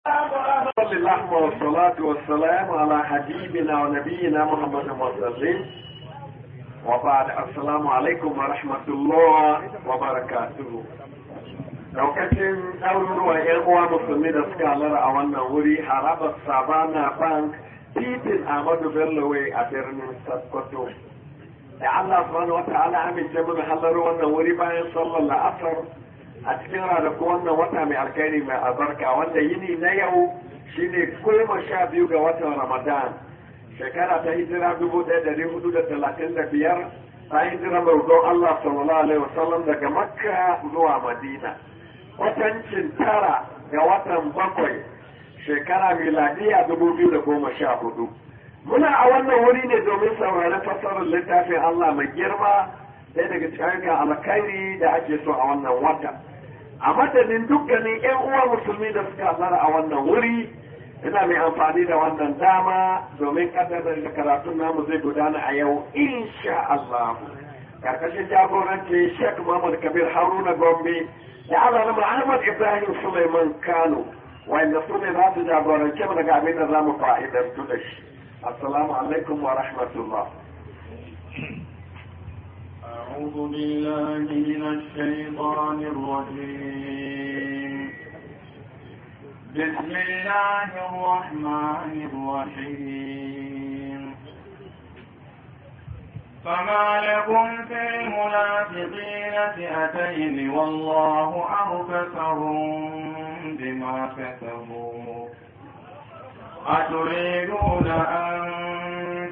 Habibina الله والصلاة والسلام على حبيبنا ونبينا محمد المرسلين وبعد السلام عليكم ورحمة الله وبركاته daukacin ɗaruruwan 'yan uwa musulmi da suka halara a wannan wuri haraba sabana bank titin ahmadu bello a birnin sokoto da allah subhanahu wa ta'ala amince mana halar wannan wuri bayan sallar la'asar a cikin ranaku wannan wata mai alkhairi mai albarka wanda yini na yau shine goma sha biyu ga watan ramadan shekara ta hijira dubu ɗaya da hudu da talatin da biyar ta hijira mardon allah sallallahu alaihi wasallam daga makka zuwa madina kwatancin tara ga watan bakwai shekara miladiya dubu biyu da goma sha hudu muna a wannan wuri ne domin saurari fassarar littafin allah mai girma sai daga cikin alkhairi da ake so a wannan wata a madadin dukkanin yan uwa musulmi da suka zara a wannan wuri ina mai amfani da wannan dama domin kaddamar da karatun namu zai gudana a yau insha Allah karkashin jagoranci Sheikh Muhammad Kabir Haruna Gombe da Alalama Muhammad Ibrahim Suleiman Kano wanda su ne za su jagorance mu daga abin da za mu fa'idantu da shi assalamu alaikum wa rahmatullah أعوذ بالله من الشيطان الرجيم بسم الله الرحمن الرحيم فما لكم في المنافقين فئتين والله أركسهم بما كسبوا أتريدون أن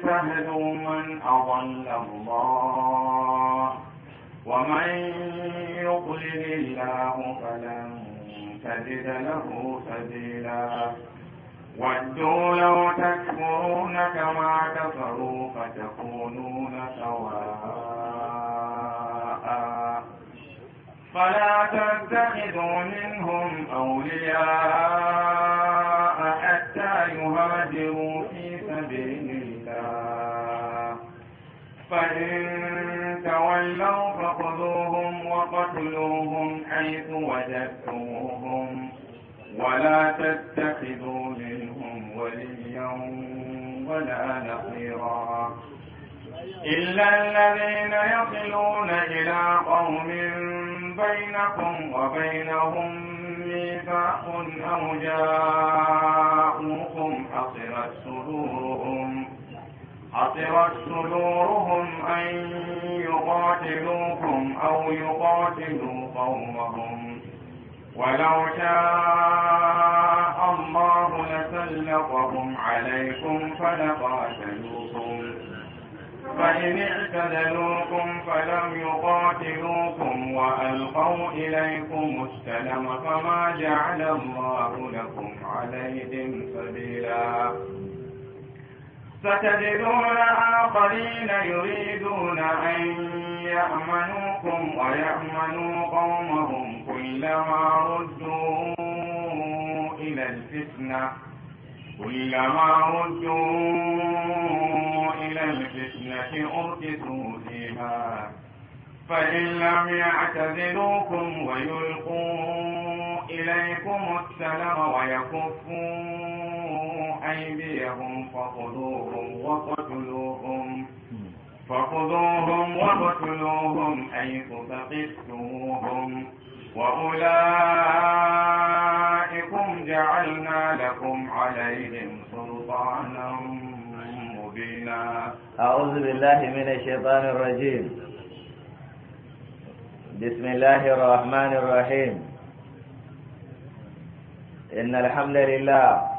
تهدوا من أضل الله تجد له سبيلا ودوا لو تكفرون كما كفروا فتكونون سواء فلا تتخذوا منهم أولياء حتى يهاجروا في سبيل الله فإن تولوا فخذوهم وقتلوهم حيث وجدتموهم ولا تتخذوا منهم وليا ولا نصيرا إلا الذين يصلون إلى قوم بينكم وبينهم ميثاق أو جاءوكم حصرت صدورهم حصرت صدورهم أن يقاتلوكم أو يقاتلوا قومهم ولو شاء الله لسلطهم عليكم فلقاتلوكم فإن اعتدلوكم فلم يقاتلوكم وألقوا إليكم السلم فما جعل الله لكم عليهم سبيلا ستجدون آخرين يريدون أن يأمنوكم ويأمنوا قومهم كلما ردوا إلى الفتنة كلما ردوا إلى الفتنة أركسوا فيها فإن لم يعتزلوكم ويلقوا إليكم السلام ويكفوا أيديهم فخذوهم وقتلوهم فخذوهم وقتلوهم حيث ثقفتموهم وأولئكم جعلنا لكم عليهم سلطانا مبينا أعوذ بالله من الشيطان الرجيم بسم الله الرحمن الرحيم إن الحمد لله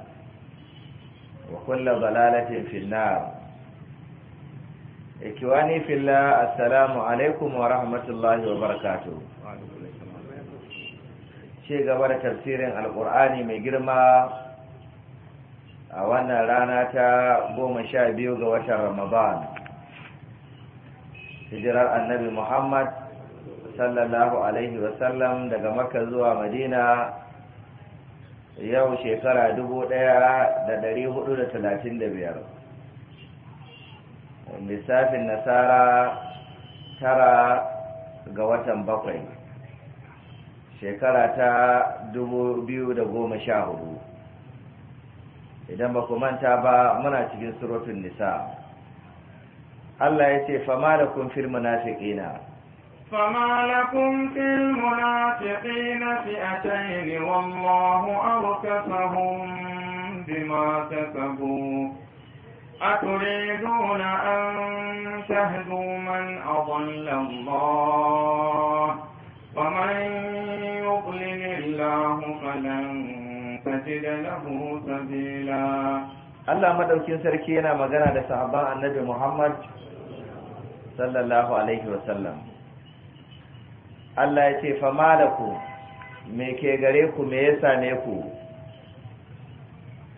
وكل ضلالة في النار إخواني في assalamu alaikum wa rahmatullahi wa وبركاته ce gaba da tafsirin alkur'ani mai girma a wannan rana ta goma sha biyu ga watan ramadan hijirar annabi muhammad sallallahu alaihi daga makka zuwa madina yau shekara dubu ɗaya da ɗari hudu da talatin da biyar lissafin nasara tara ga watan bakwai shekara ta dubu biyu da goma sha hudu idan ba manta ba muna cikin surutun nisa Allah ya ce fama da kun fil na. فما لكم في المنافقين فئتين والله أركفهم بما كسبوا أتريدون أن تهدوا من أضل الله ومن يضلل الله فلن تجد له سبيلا Allah madaukin sarki yana magana da sahabban Annabi Muhammad sallallahu alaihi wasallam Allah ya ce fa Malaku me ke gare ku me ya same ku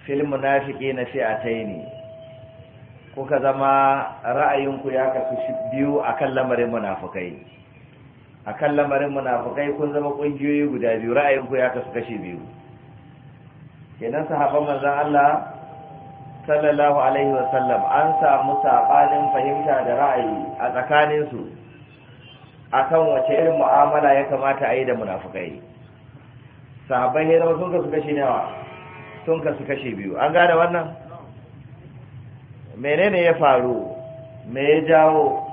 fil munafiki na fi a taini. kuka zama ra'ayinku ya kasu biyu akan lamarin munafukai akan lamarin munafukai kun zama kungiyoyi guda biyu ra'ayinku ya kasu kashi biyu kenan sahabban manzon Allah sallallahu alaihi wasallam an samu sabanin fahimta da ra'ayi a tsakaninsu akan wace irin mu'amala ya kamata a yi da munafukai sahabbai ne zama sun kasu kashi nawa sun kasu kashi biyu an gane wannan menene ya faru me ya jawo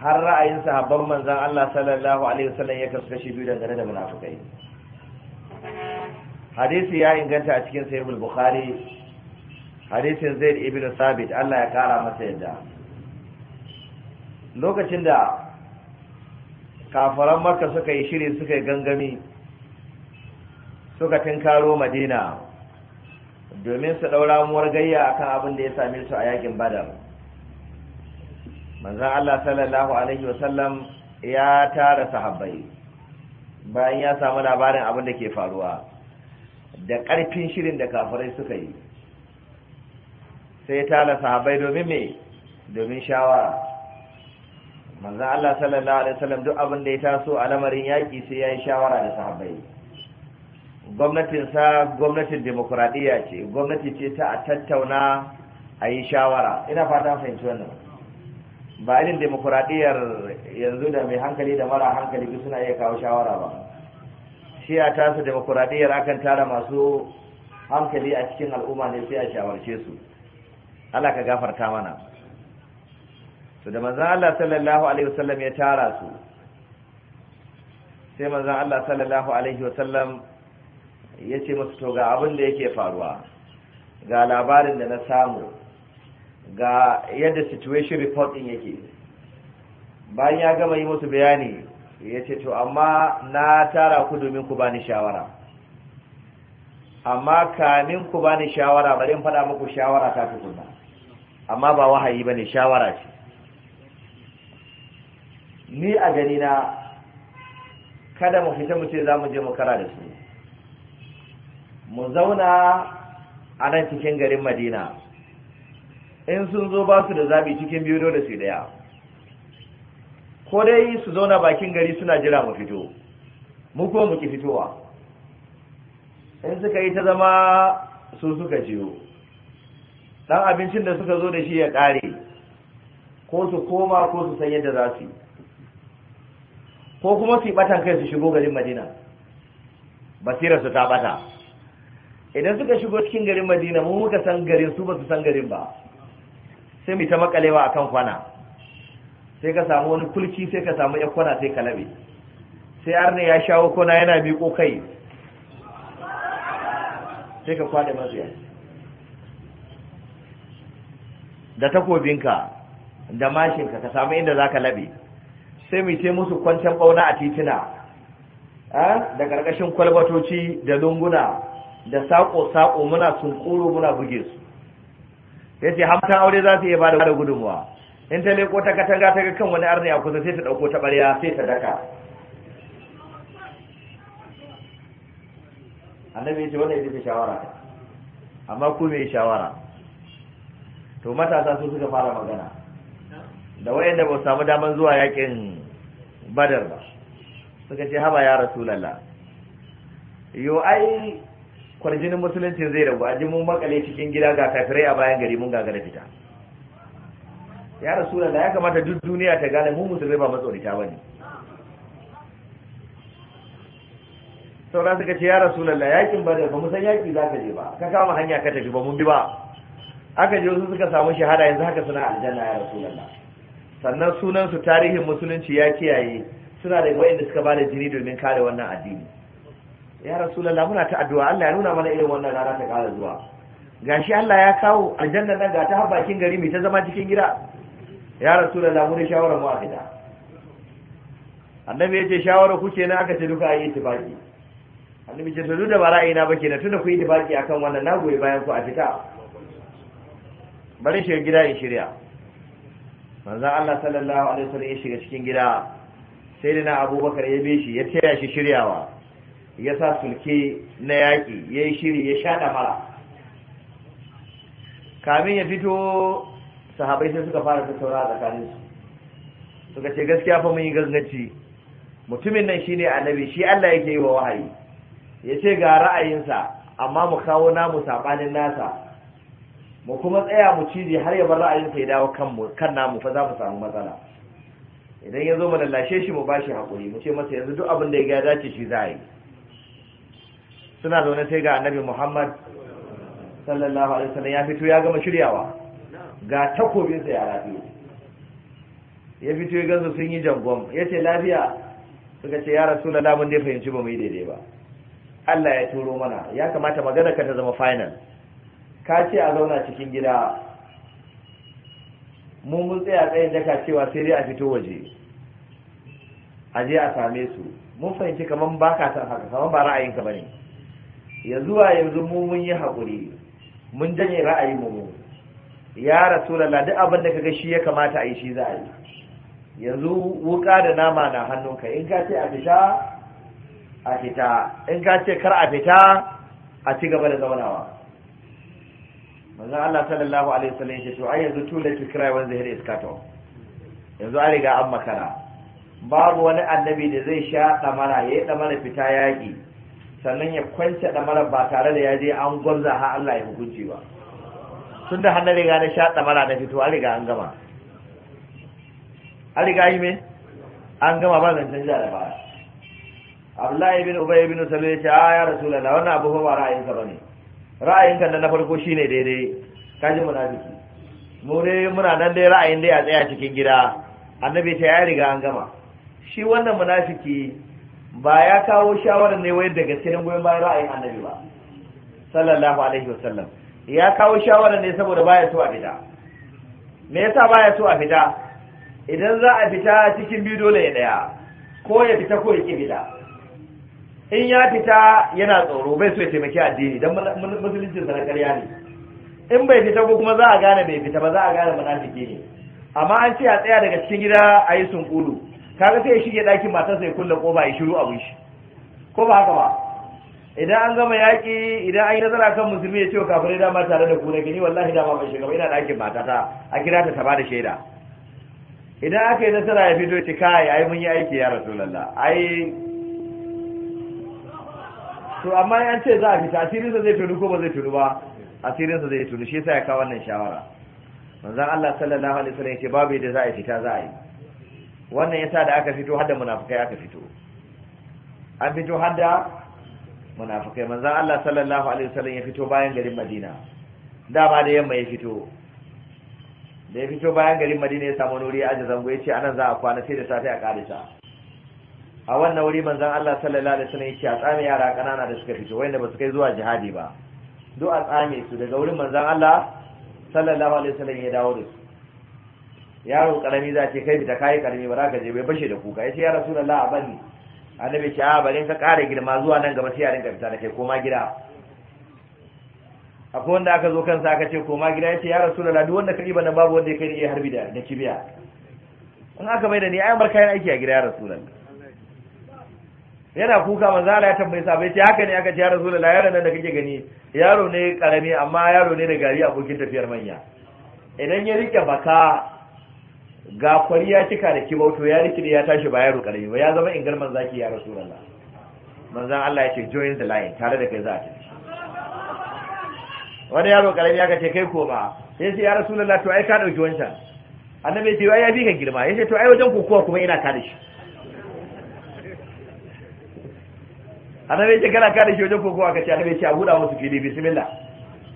har ra'ayin sahabban manzan Allah sallallahu alaihi wasallam ya kasu kashi biyu dangane da munafukai hadisi ya inganta a cikin sahih al-bukhari hadisin zaid ibn sabit Allah ya kara masa yadda lokacin da kafaran maka suka yi shiri suka yi gangami suka tinkaro madina domin su ɗaura muwar gayya akan abin da ya same su a yakin badar manzan allah sallallahu alaihi wasallam ya tara sahabbai bayan ya samu labarin abin da ke faruwa da karfin shirin da kafirai suka yi sai ya tara sahabbai domin me domin shawara manzan Allah sallallahu alaihi wasallam duk abin da ya taso a lamarin yaƙi sai ya yi shawara da sahabbai gwamnatinsa gwamnatin demokuraɗiyya ce gwamnati ce ta a tattauna a yi shawara ina fata fahimci wannan ba irin demokuraɗiyyar yanzu da mai hankali da mara hankali duk suna iya kawo shawara ba shi a tasu demokuraɗiyyar akan tara masu hankali a cikin al'umma ne sai a shawarce su Allah ka gafarta mana to da manzon Allah sallallahu alaihi wasallam ya tara su sai manzon Allah sallallahu alaihi wasallam ya ce musu to ga abin da yake faruwa ga labarin da na samu ga yadda situation report din yake bayan ya gama yi musu bayani ya ce to amma na tara ku domin ku bani shawara amma kamin ku bani shawara bari in faɗa muku shawara ta tukunna amma ba wahayi bane shawara ce ni a gani na kada mu fita mu ce za mu je mu kara da su mu zauna a nan cikin garin madina in sun zo ba su da zabi cikin biyu dole su daya ko dai su zauna bakin gari suna jira mu fito mu ko mu fitowa in suka yi ta zama su suka jiyo dan abincin da suka zo da shi ya kare ko su koma ko su san yadda za su yi ko kuma su batan kai su shigo garin madina basirar su ta bata idan suka shigo cikin garin madina mu muka san garin su ba su san garin ba sai mu ta makalewa akan kwana sai ka samu wani kulki sai ka samu ya kwana sai ka labe sai arne ya shawo kona yana miƙo kai sai ka kwada mazuya da takobinka da mashinka ka samu inda za ka labe sai mu ce musu kwanciyar bauna a titina da ƙarƙashin kwalbatoci da lunguna da saƙo-saƙo muna sunkuru muna buge su ya ce hamtan aure za su iya ba da gudunmuwa in ta leko ta katanga ta ga kan wani arni a kusa sai ta ɗauko ta ɓarya sai ta daka annabi ya ce wannan ita ce shawara amma ku me shawara to matasa su suka fara magana da da ba su samu daman zuwa yakin badar ba suka ce haba ya rasulalla yo ai kwarjinin musulunci zai rabu a ji mun makale cikin gida ga kafirai a bayan gari mun gagara fita ya rasulalla ya kamata duk duniya ta gane mu musulmai ba matsorita ne saura suka ce ya rasulalla yakin badar ba mu san yaki za ka je ba ka kama hanya ka tafi ba mun bi ba aka je wasu suka samu shahada yanzu haka suna aljanna ya rasulallah sannan sunansu tarihin musulunci ya kiyaye suna da da suka ba da jini domin kare wannan addini ya rasulalla muna ta addu'a Allah ya nuna mana irin wannan rana ta kara zuwa gashi Allah ya kawo aljanna nan ga ta har bakin gari mai ta zama cikin gida ya mu mun shawara mu akida annabi ya ce shawara kuke na aka ce duka ayi tibaki annabi ce to da ba na ba kenan tunda ku yi tibaki akan wannan nagoye bayan ku a fita bari shi gida in shirya manzan Allah sallallahu alaihi wasallam ya shiga cikin gida sai da na abubakar ya shi ya taya shi shiryawa ya sa sulke na yaƙi ya yi shiri ya sha mara. kamin ya fito sahabai sai suka fara tattauna a tsakaninsu suka ce gaskiya fa mun yi gazgaci mutumin nan shine annabi shi Allah yake yi wa wahayi ya ce ga ra'ayinsa amma mu kawo namu saɓanin nasa mu kuma tsaya mu cije har ya bar ra'ayinsa ya dawo kanmu kan namu fa za mu samu matsala idan ya zo mu lallashe shi mu bashi shi haƙuri mu ce masa yanzu duk abin da ya dace shi za a yi suna zaune sai ga annabi muhammad sallallahu alaihi wasallam ya fito ya gama shiryawa ga takobinsa ya rafi ya fito ya gansu sun yi jangon ya ce lafiya suka ce ya rasu na, mun dai fahimci ba mu yi daidai ba Allah ya turo mana ya kamata magana ka ta zama final ka ce a zauna cikin gida mun mun tsaya tsayin daga cewa sai dai a fito waje a je a same su mun fahimci kamar ba ka san haka kamar ba ra'ayinka ba ne ya zuwa yanzu mu mun yi haƙuri mun janye ra'ayin mu ya rasulallah duk abin da kaga shi ya kamata a yi shi za a yi yanzu wuka da nama na hannunka in ka ce a fita a fita in ka ce kar a fita a ci gaba da zaunawa manzon Allah sallallahu alaihi wasallam yace to ai yanzu too late to cry when the head is cut off yanzu an riga an makara babu wani annabi da zai sha damara yayi damara fita yaki sannan ya kwance damara ba tare da ya je an gwamza ha Allah ya hukunci ba tun da hannun riga na sha damara da fito an riga an gama an riga yi me an gama ba zan canja da ba Abdullahi bin Ubay bin Salul ya ce a ah, ya Rasulullah wannan abu ba ra'ayinka bane Ra'ayin ra'ayinka na farko shine daidai kaji munafiki mu ne muna nan dai ra'ayin dai a tsaya cikin gida annabi ta ya riga an gama shi wannan munafiki ba ya kawo shawarar ne wai daga cikin goyon bayan ra'ayin annabi ba sallallahu alaihi wasallam ya kawo shawarar ne saboda baya so a fita me yasa baya so a fita idan za a fita cikin biyu dole ya daya ko ya fita ko ya ki fita in ya fita yana tsoro bai so ya taimaki addini don musulunci na karya ne in bai fita ko kuma za a gane bai fita ba za a gane munafiki ne amma an ce a tsaya daga cikin gida a yi sunkulu kaga sai ya shige ɗakin matarsa ya kulle ƙofa ya shiru abin shi ko ba haka ba idan an gama yaƙi idan an yi nazara kan musulmi ya ce wa kafirai dama tare da kuna, gini wallahi dama ban shiga ba ina ɗakin matata a kira ta ta da shaida idan aka yi nasara ya fito ce kai ai mun yi aiki ya rasulallah ai to amma an ce za a fita asirinsa zai tunu ko ba zai tunu ba asirinsa zai tunu shi sai ya kawo wannan shawara manzon Allah sallallahu alaihi wasallam yace babu yadda za a fita za a yi wannan yasa da aka fito hadda munafikai aka fito an fito hadda munafikai manzon Allah sallallahu alaihi wasallam ya fito bayan garin Madina Da ba da yamma ya fito da ya fito bayan garin Madina ya samu nuri a zango yace anan za a kwana sai da safe a karisa a wannan wuri manzon Allah sallallahu alaihi wasallam yake a tsame yara kanana da suka fito wanda ba su kai zuwa jihadi ba duk a tsame su daga wurin manzon Allah sallallahu alaihi wasallam ya dawo da su yaro karami za ce kai fita kai karami ba za ka je bai bashe da kuka yace ya rasulullah a bani annabi ce a bari ka kare girma zuwa nan gaba sai ya rinka fita da kai koma gida akwai wanda aka zo kansa aka ce koma gida yace ya rasulullah duk wanda ka riba nan babu wanda ya kai ne harbi da kibiya in aka bai da ni ai bar kayan aiki a gida ya rasulullah yana kuka manzo Allah ya tambaye sa bai ce haka ne aka ce ya rasulullahi yaron nan da kake gani yaro ne karami amma yaro ne da gari abokin tafiyar manya idan ya rike baka ga kwari ya cika da to ya rike ya tashi ba yaro karami ba ya zama ingar zaki ya rasulullahi manzon Allah ya ce join the line tare da kai za a tafi wani yaro karami aka ce kai ko ba sai sai ya rasulullahi to ai ka dauki wancan annabi ya ce ya bi ka girma ya ce to ai wajen kokowa kuma ina ka da shi annabi ce kana kada shi wajen kokowa ka ce annabi ce a buɗa musu fili bismillah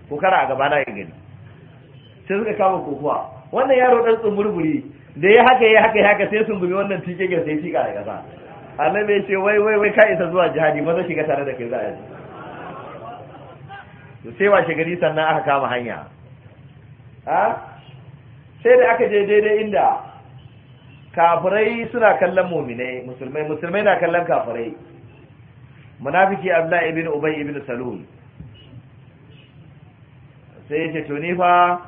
ko kara a gaba na ya gani sai suka kama kokowa wannan yaro dan tsumburburi da ya haka ya haka ya haka sai sun gumi wannan tike gir sai tika da kasa annabi ce wai wai wai ka isa zuwa jihadi maza shiga tare da kai za a ji sai washe gari sannan aka kama hanya ha sai da aka je daidai inda kafirai suna kallon mominai musulmai musulmai na kallon kafirai munafiki abdullahi ibn ubay ibn salul sai yace to ni fa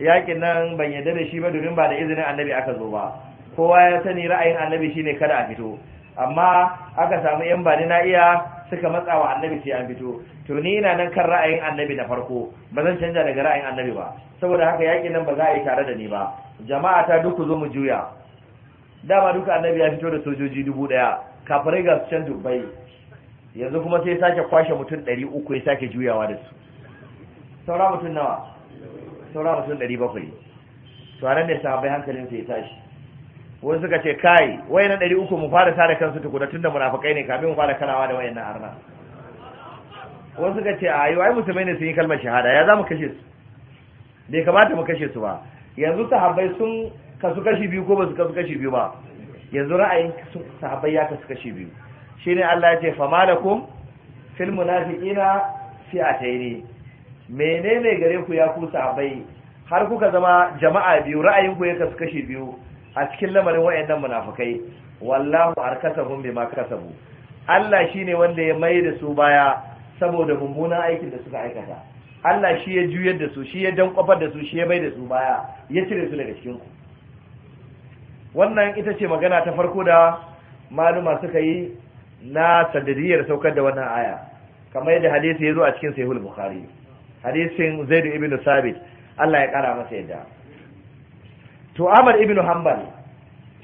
yakin nan ban yadda da shi ba domin ba da izinin annabi aka zo ba kowa ya sani ra'ayin annabi shine kada a fito amma aka samu yan bani na iya suka matsa wa annabi sai an fito to ni ina nan kan ra'ayin annabi na farko ba zan canja daga ra'ayin annabi ba saboda haka yakin nan ba za a yi tare da ni ba jama'a ta duk zo mu juya dama duka annabi ya fito da sojoji dubu daya kafirai ga su can dubbai yanzu kuma sai sake kwashe mutum ɗari uku ya sake juyawa da su saura mutum nawa saura mutum ɗari bakwai to a nan ne hankalin ya tashi wani suka ce kai wayan ɗari uku mu fara tare kansu tukuna tun da munafukai ne kafin mu fara karawa da wayan na arna wani suka ce a yi ai musulmai ne sun yi kalmar shahada ya za mu kashe su bai kamata mu kashe su ba yanzu sahabai sun kasu kashi biyu ko ba su kasu kashi biyu ba yanzu ra'ayin sahabai ya kasu kashi biyu ne Allah ya ce fi a taini mene menene gare ku ya kusa bai? har kuka zama jama'a biyu ra'ayinku ku ya kasu kashi biyu a cikin lamarin wayannan munafukai wallahu arkasahum bima kasabu Allah shi ne wanda ya mai da su baya saboda mummunan aikin da suka aikata Allah shi ya juyar da su shi ya dankwafar da su shi ya mai da su baya ya cire su daga cikin ku wannan ita ce magana ta farko da maluma suka yi na sanadiyar saukar da wannan aya kamar yadda hadisi ya zo a cikin sahihul bukhari hadisin zaid ibn sabit Allah ya kara masa yadda to amr ibn Hanbal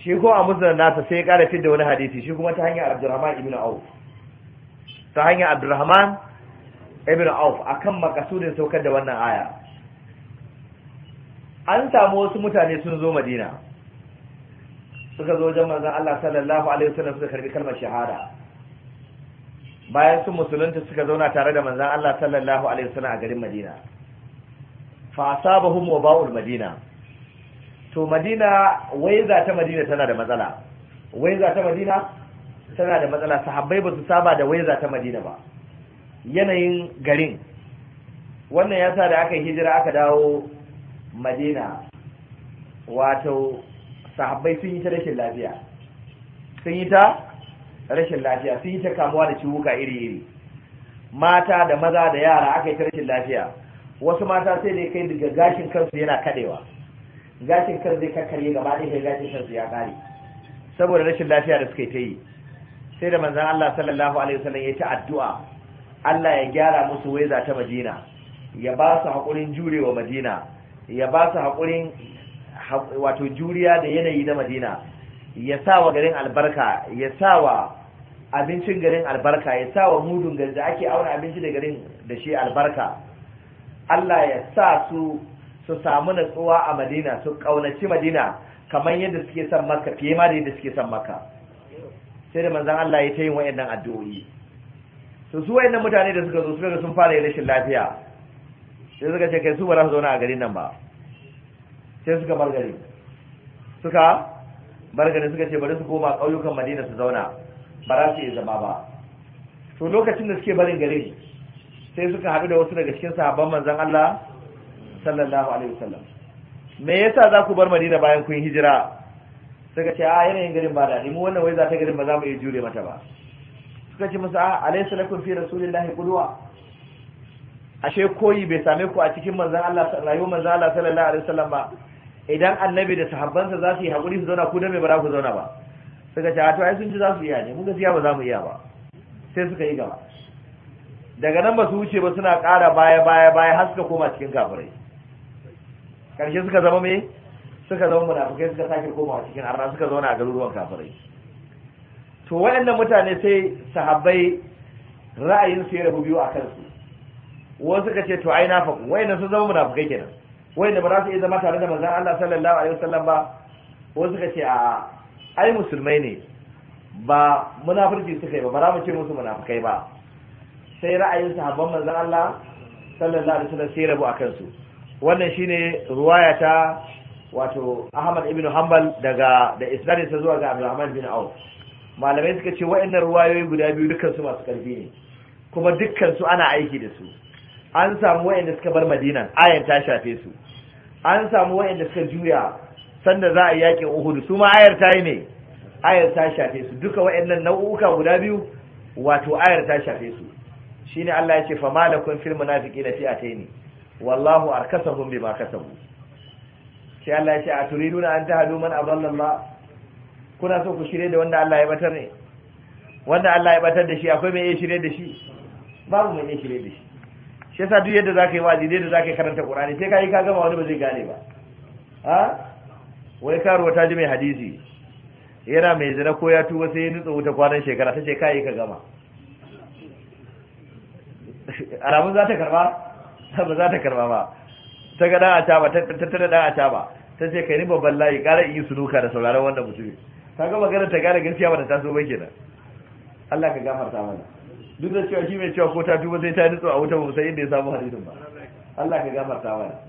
shi ko a muzan nasa sai ya kara fitar da wani hadisi shi kuma ta hanyar Abdurrahman ibn Auf ta hanyar Abdurrahman ibn Auf akan makasudin saukar da wannan aya an samu wasu mutane sun zo Madina suka zo wajen manzon Allah sallallahu alaihi wasallam suka karbi kalmar shahada bayan sun musulunta suka zauna tare da manzan Allah sallallahu alaihi wasallam a garin Madina fa asabahum ba'ul Madina to Madina za ta Madina tana da matsala wai za ta Madina tana da matsala sahabbai ba su saba da wai za ta Madina ba yanayin garin wannan ya sa da aka hijira aka dawo Madina wato sahabbai sun yi ta rashin lafiya sun yi ta rashin lafiya sun yi ta kamuwa da ciwuka iri-iri mata da maza da yara aka yi ta rashin lafiya wasu mata sai dai kai daga gashin kansu yana kadewa gashin kan zai kakkarye gaba ɗaya kai gashin kansu ya kare saboda rashin lafiya da suka yi ta yi sai da manzan Allah sallallahu alaihi wasallam ya ta addu'a Allah ya gyara musu waiza ta Madina ya ba su haƙurin jurewa Madina ya ba su haƙurin wato juriya da yanayi na Madina ya sa wa garin albarka ya sa wa abincin garin albarka ya sa wa mudun garin da ake auna abinci da garin da shi albarka Allah ya sa su su samu natsuwa a madina su kaunaci madina kamar yadda suke son maka fiye ma da yadda suke son maka sai da manzan Allah ya tayin yin wa'annan addu'o'i su su wa'annan mutane da suka zo su ga sun fara yin rashin lafiya sai suka ce kai su ba za su zauna a garin nan ba sai suka bar garin suka bargani suka ce bari su koma ƙauyukan madina su zauna ba za su iya zama ba to lokacin da suke barin gare sai suka haɗu da wasu daga cikin sahabban manzon Allah sallallahu alaihi wasallam me yasa za ku bar madina bayan kun hijira suka ce a yanayin garin ba ni mu wannan wai za ta garin ba za mu iya jure mata ba suka ce musu a alaysa lakum fi rasulillahi qudwa ashe koyi bai same ku a cikin rayuwar manzon Allah sallallahu alaihi wasallam ba idan annabi da sahabbansa za su yi haƙuri su zauna ku da mai ba za ku zauna ba suka ce to ai sun ci za su iya ne mun gaskiya ba za mu iya ba sai suka yi gaba daga nan ba su wuce ba suna ƙara baya baya baya har suka koma cikin kafirai karshe suka zama me suka zama munafikai suka sake komawa cikin arna suka zauna a garuruwan kafirai to waɗannan mutane sai sahabbai ra'ayin su ya rabu biyu a kansu wasu suka ce to ai nafaku wayannan sun zama munafikai kenan wanda ba za su iya zama tare da manzon Allah sallallahu alaihi wasallam ba wasu suka ce a ai musulmai ne ba munafurci suka yi ba ba za mu ce musu munafukai ba sai ra'ayin sahabban manzon Allah sallallahu alaihi wasallam sai rabu akan su wannan shine ruwaya ta wato Ahmad ibn Hanbal daga da isnadin sa zuwa ga Abdurrahman bin Auf malamai suka ce wa'annan ruwayoyi guda biyu dukkan su masu karfi ne kuma dukkan su ana aiki da su an samu wayanda suka bar madina ayan ta shafe su an samu wayanda suka juya sanda za a yaƙin uhud su ma ayar ta yi ne ayar ta shafe su duka wayannan nau'uka guda biyu wato ayar ta shafe su shine Allah ya ce fa malakun fil munafiqina fi'ataini wallahu arkasahum bima kasabu sai Allah ya ce turiduna an tahadu man adalla kuna so ku shirye da wanda Allah ya batar ne wanda Allah ya batar da shi akwai mai iya shirye da shi babu mai iya shirye da shi shi yasa duk yadda zaka yi wazi da zaka yi karanta Qur'ani sai kai ka gama wani ba zai gane ba ha wai karuwa ta ji mai hadisi yana mai zina ko ya tuba sai ya nutsa wuta kwanan shekara ta ce kai ka gama alamun za ta karba ba za ta karba ba ta ga dan a ba ta tana dan a ba ta ce kai ni babban layi ƙara yi sunuka da sauraron wanda mutum ta ga magana ta gane gaskiya ba ta taso ba kenan Allah ka gafarta mana duk da cewa shi mai cewa ko ta tuba sai ta nutsu a wuta musayi da ya samu hadisin ba Allah ka gafarta mana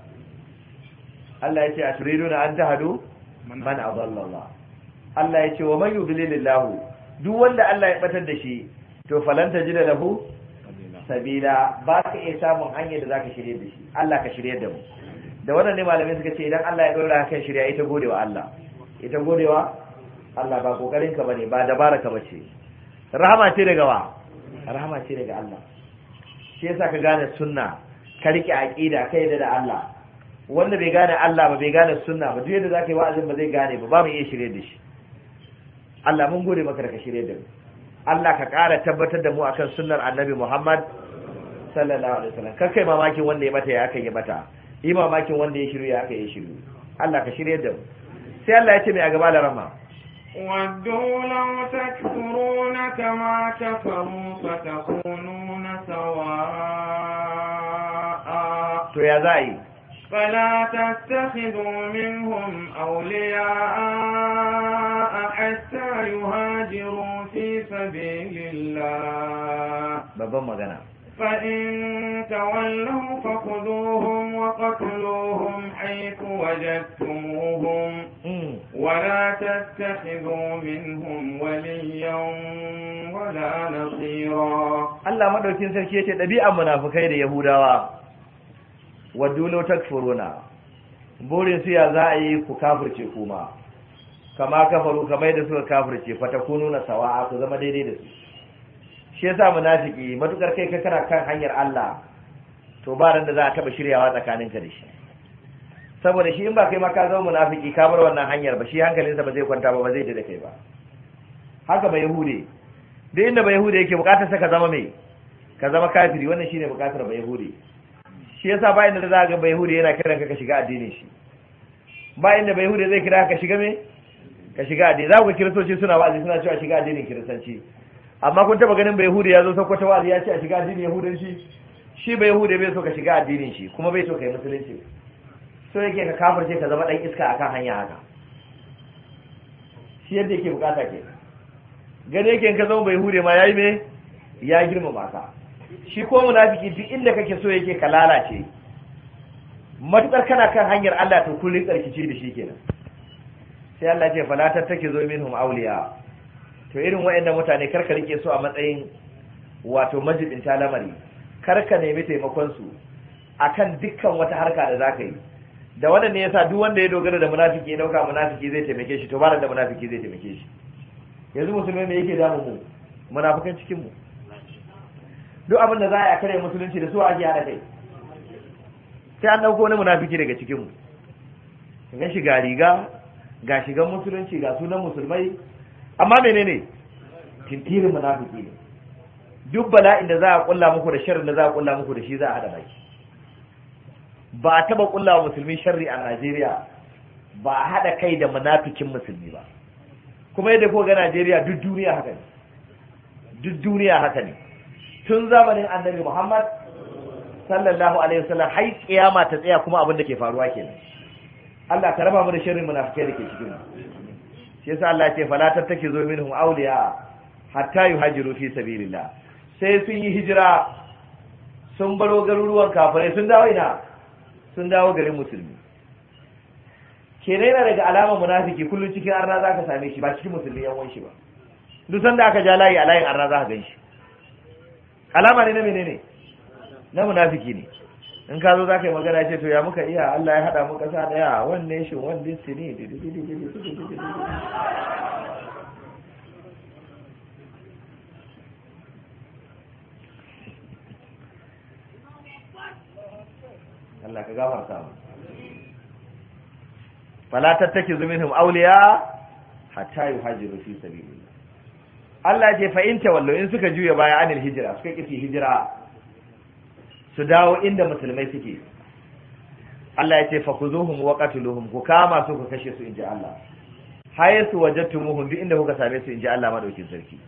Allah ya ce a turidu na an ta hadu man azallallah Allah ya ce wa man yudlilillahu duk wanda Allah ya batar da shi to falanta jida lahu sabila ba ka iya samun hanyar da zaka shirye da shi Allah ka shirye da mu da wannan ne malamai suka ce idan Allah ya dora kan shirya ita godewa Allah ita godewa Allah ba kokarin ka bane ba dabara ka bace rahama ce daga wa rahama ce daga Allah shi yasa ka gane sunna ka rike aqida kai da Allah wanda bai gane Allah ba bai gane sunna ba duk yadda zaka yi wa'azin ba zai gane ba ba mu iya shirye da shi Allah mun gode maka da ka shirye da mu Allah ka ƙara tabbatar da mu akan sunnar Annabi Muhammad sallallahu alaihi wasallam kar kai mamakin wanda ya mata ya aka yi mata yi mamakin wanda ya shiru ya aka yi shiru Allah ka shirye da mu sai Allah ya ce mai a gaba da rama ودوا لو تكفرون كما كفروا فتكونون سواء فلا تتخذوا منهم أولياء حتى يهاجروا في سبيل الله بابا مغنى فإن تولوا فخذوهم وقتلوهم حيث وجدتموهم ولا تتخذوا منهم وليا ولا نصيرا الله مدوكين سركي يتي دبيعة منافقين يهودا ودولو تكفرونا burin su ya za a yi ku kafirce kuma kama kafaru kamar da suka kafirce fatakunu na sawa'a ku zama daidai da su shi yasa munafiki matukar kai ka kana kan hanyar Allah to ba ran da za a taba shiryawa tsakanin ka da shi saboda shi in ba kai ma ka zama munafiki ka bar wannan hanyar ba shi hankalinsa ba zai kwanta ba ba zai dade da kai ba haka ba yahude duk inda ba yahude yake bukatar sa ka zama mai ka zama kafiri wannan shine bukatar ba yahude shi yasa ba inda za ga ba yahude yana kiran ka ka shiga addinin shi ba inda ba yahude zai kira ka shiga me ka shiga addini za ku kiristoci suna wa'azi suna cewa shiga addinin kiristanci amma kun taba ganin bai hude ya zo ta wa'azi ya ce a shiga addinin yahudun shi shi bai hude bai so ka shiga addinin shi kuma bai so ka yi musulunci so yake ka ce ka zama dan iska akan hanya haka shi yadda yake bukata ke gane yake ka zama bai hude ma ya yi me ya girma masa. shi ko munafiki duk inda kake so yake ka lalace matukar kana kan hanyar Allah to kullun tsarkici da shi kenan sai Allah ya ce fala tattake zo minhum awliya to irin wayannan mutane karka rike su a matsayin wato majibin lamari karka nemi taimakon su akan dukkan wata harka da zaka yi da wannan ne yasa duk wanda ya dogara da munafiki ya dauka munafiki zai taimake shi to bara da munafiki zai taimake shi yanzu musulmi me yake damu mu munafikan cikin mu duk abin da za a kare musulunci da su ake hada kai sai an dauko wani munafiki daga cikin mu ga shiga riga ga shigan musulunci ga sunan musulmai amma menene tintirin munafiki ne duk bala'in da za a kulla muku da sharri da za a kulla muku da shi za a hada baki ba a taba kulla wa musulmi sharri a Najeriya ba a hada kai da munafikin musulmi ba kuma yadda ko ga Najeriya duk duniya haka ne duk duniya haka ne tun zamanin Annabi Muhammad sallallahu alaihi wasallam har kiyama ta tsaya kuma abin da ke faruwa kenan Allah ta raba mu da sharri munafikai da ke cikin mu shi yasa Allah ce fala zo minhum awliya hatta yuhajiru fi sabilillah sai sun yi hijira sun baro garuruwan kafirai sun dawo ina sun dawo garin musulmi kenan yana daga alama munafiki kullum cikin arna zaka same shi ba cikin musulmi yan wanshi ba duk sanda aka ja layi a layin arna zaka gan shi alama ne na menene na munafiki ne in ka zo za ka yi magana ce to ya muka iya Allah ya haɗa mu ƙasa ɗaya one nation one destiny Allah ka gafarta mu fala tattaki zuminhum awliya hatta yuhajiru fi sabilillah Allah ya ce fa in tawallu in suka juya baya anil hijra suka kifi hijira su dawo inda musulmai suke Allah ya ce fa kuzuhum wa qatiluhum ku kama su ku kashe su inji Allah haythu wajadtumuhum bi inda kuka same su inji Allah madauki sarki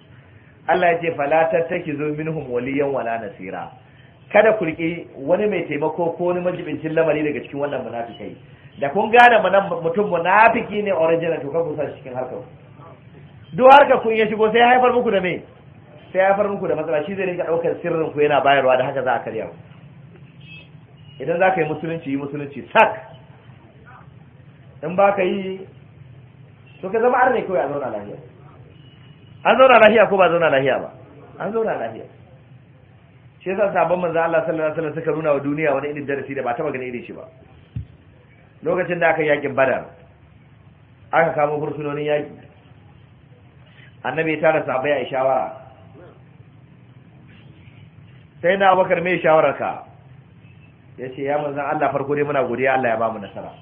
Allah ya ce fala tattakizu minhum waliyan wala nasira kada ku riƙi wani mai taimako ko wani majibincin lamari daga cikin wannan munafikai da kun gane mutum munafiki ne original to ku sa cikin harkar duk harkar kun ya shigo sai haifar muku da me sai haifar muku da matsala shi zai rinka ɗaukar sirrin ku yana bayarwa da haka za a karya ku idan za ka yi musulunci yi musulunci sak in ba ka yi to ka zama arne kawai a zauna lahiya an zauna lahiya ko ba zauna lahiya ba an zauna lahiya shi yasa sabon manzo Allah sallallahu alaihi wasallam suka nuna wa duniya wani irin darasi da ba taba ganin irin shi ba lokacin da aka yakin badar aka kamo fursunonin yaki annabi ya tara sabai a shawara sai na abakar mai shawarar ka ya ce ya manzan Allah farko dai muna godiya Allah ya ba mu nasara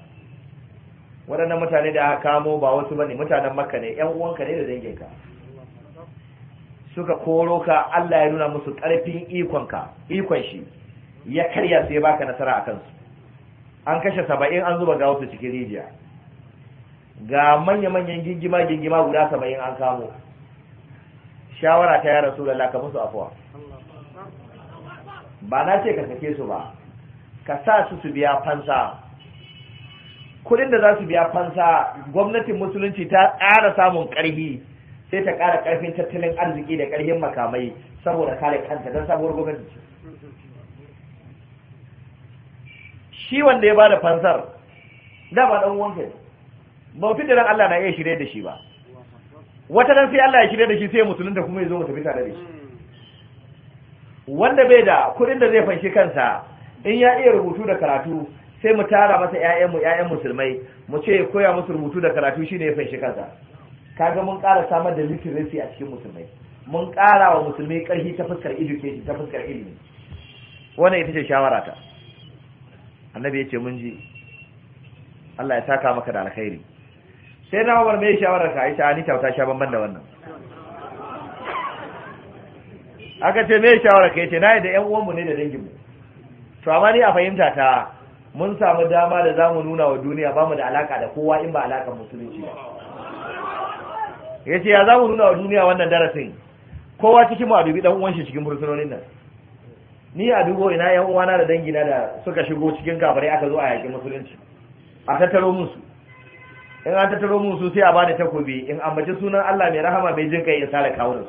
waɗannan mutane da aka kamo ba wasu bane mutanen makka ne ƴan uwanka ne da danginka suka koro ka Allah ya nuna musu ƙarfin ikonka ikon shi ya karya sai ya baka nasara a kansu an kashe saba'in an zuba ga su cikin rijiya ga manya-manyan gingima gingima guda saba'in an kamo shawara ta ya rasu da laka musu afuwa ba na ce ka sake su ba ka sa su su biya fansa kudin da za su biya fansa gwamnatin musulunci ta ƙara samun ƙarfi sai ta ƙara ƙarfin tattalin arziki da ƙarfin makamai saboda kare kanta don sabuwar gwamnati shi wanda ya ba da fansar da ba ɗan wanke ba mutum da Allah na iya shirye da shi ba wata nan sai Allah ya shirye da shi sai musulun da kuma ya zo mu tafi tare da shi hmm. wanda bai da kuɗin da zai fanshi kansa in ya iya rubutu da karatu sai mu tara masa ƴaƴanmu ƴaƴan musulmai mu ce koya musu rubutu da karatu shine ya fanshi kansa kaga mun ƙara samar da literacy a cikin musulmai mun ƙara wa musulmai ƙarfi ta fuskar education ta fuskar ilimi wannan ita ce shawara ta annabi ya ce mun ji Allah ya saka maka da alkhairi sai na Umar mai shawara ka Aisha ni kyauta sha banban da wannan aka ce mai shawara ka yace na da ƴan uwanmu ne da danginmu to amma ni a fahimta ta mun samu dama da zamu nuna wa duniya bamu da alaka da kowa in ba alaka musulunci ba yace ya zamu nuna wa duniya wannan darasin kowa cikin mu a dubi dan uwan shi cikin fursunonin nan ni a dubo ina yan uwana da dangina da suka shigo cikin kafirai aka zo a yaƙi musulunci a tattaro musu in an tattaro musu sai a bada takobi in ambaci sunan Allah mai rahama bai jin kai in sare da su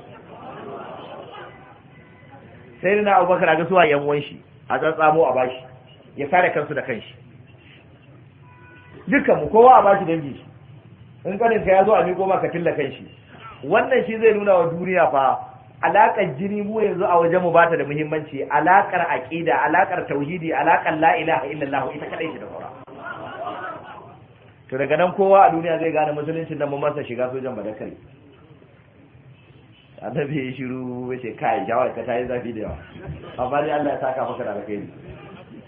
sai na abubakar a ga suwa yan uwan shi a tsatsamo a bashi ya kare kansu da kanshi dukkan mu kowa a bashi dangi in ganin ka ya zo a miko maka tilla kanshi wannan shi zai nuna wa duniya fa alakar jini mu yanzu a wajen mu bata da muhimmanci alakar aqida alakar tauhidi alakar la ilaha illallah ita kadai ce da saura to daga nan kowa a duniya zai gane musuluncin da mun masa shiga sojan badakari annabi ya shiru ya ce kai shawarar ka yi zafi da yawa amma dai Allah ya saka maka da alkhairi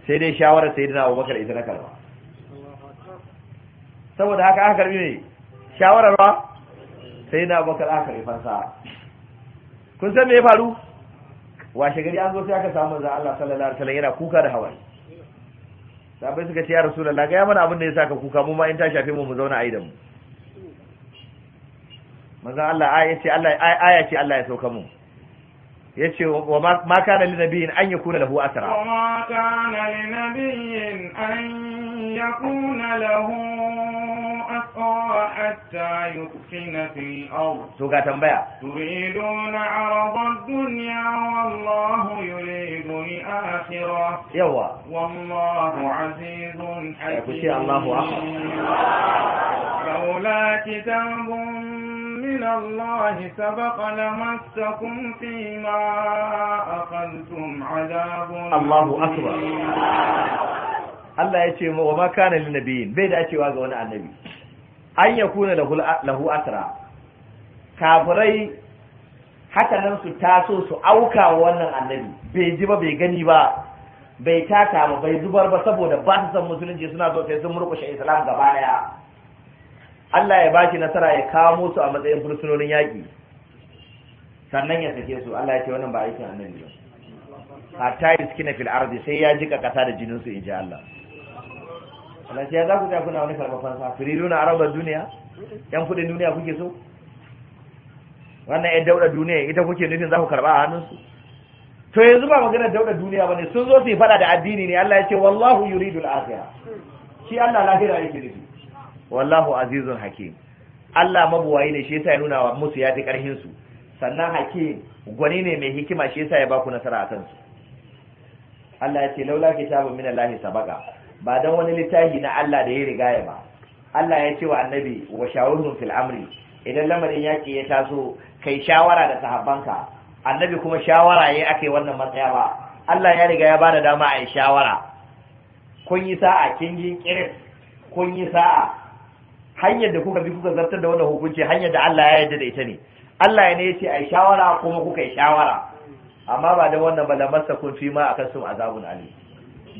sai dai shawarar sai dina Abubakar ita na karba saboda haka aka karbi ne shawarar ba sai na Abubakar aka karbi fansa kun san me ya faru washe gari an zo sai aka samu manzon Allah sallallahu alaihi wasallam yana kuka da hawaye sabai suka ce ya rasulullahi ga ya mana abin da ya saka kuka mu ma in ta shafe mu mu zauna a aidan mu manzon Allah aya ce Allah aya ce Allah ya sauka mu yace wa ma kana lin nabiyin an yakuna lahu asra wa ma kana lin nabiyin an yakuna lahu asra hatta yuqina al ard to ga tambaya turiduna arada ad-dunya wallahu yuridu al-akhirah yawa wallahu azizun hakim Allahu akbar laula kitabun من الله سبق لمسكم فيما أخذتم عذاب الله أكبر Allah ya ce wa ma kana lin nabiyin bai dacewa ga wani annabi an ya kuna lahu asra kafirai haka nan su taso su auka wa wannan annabi bai ji ba bai gani ba bai taka ba bai zubar ba saboda ba su san musulunci suna so sai sun murƙushe islam gaba daya Allah ya bashi nasara ya kawo su a matsayin fursunonin yaƙi sannan ya sake su Allah ya ce wannan ba aikin annabi ba hatta yuskina fil ardi sai ya jika kasa da jinin su inji Allah Allah ya za ku ta kuna wani karfafan sa firiruna arabar duniya yan kudin duniya kuke so wannan yan daular duniya ita kuke nufin za ku karba a hannun su? to yanzu ba magana daular duniya bane sun zo su yi fada da addini ne Allah ya ce wallahu yuridul akhirah shi Allah lahira yake nufi wallahu azizun hakim Allah mabuwayi ne shi yasa ya nuna wa musu ya fi karhin su sannan hakim gwani ne mai hikima shi yasa ya ba ku nasara a kansu Allah ya ce laula kitabun min Allah sabaka ba dan wani littafi na Allah da ya riga ya ba Allah ya ce wa annabi wa shawurhum fil amri idan lamarin yaki ya taso kai shawara da sahabbanka annabi kuma shawara yayi ake wannan matsaya ba Allah ya riga ya bada dama a yi shawara kun yi sa'a kin yi kirin kun yi sa'a hanyar da kuka bi kuka zartar da wannan hukunci hanyar da Allah ya yarda da ita ne Allah ne ya ai shawara kuma kuka yi shawara amma ba da wannan ba masa kun fi ma akan sun azabun ali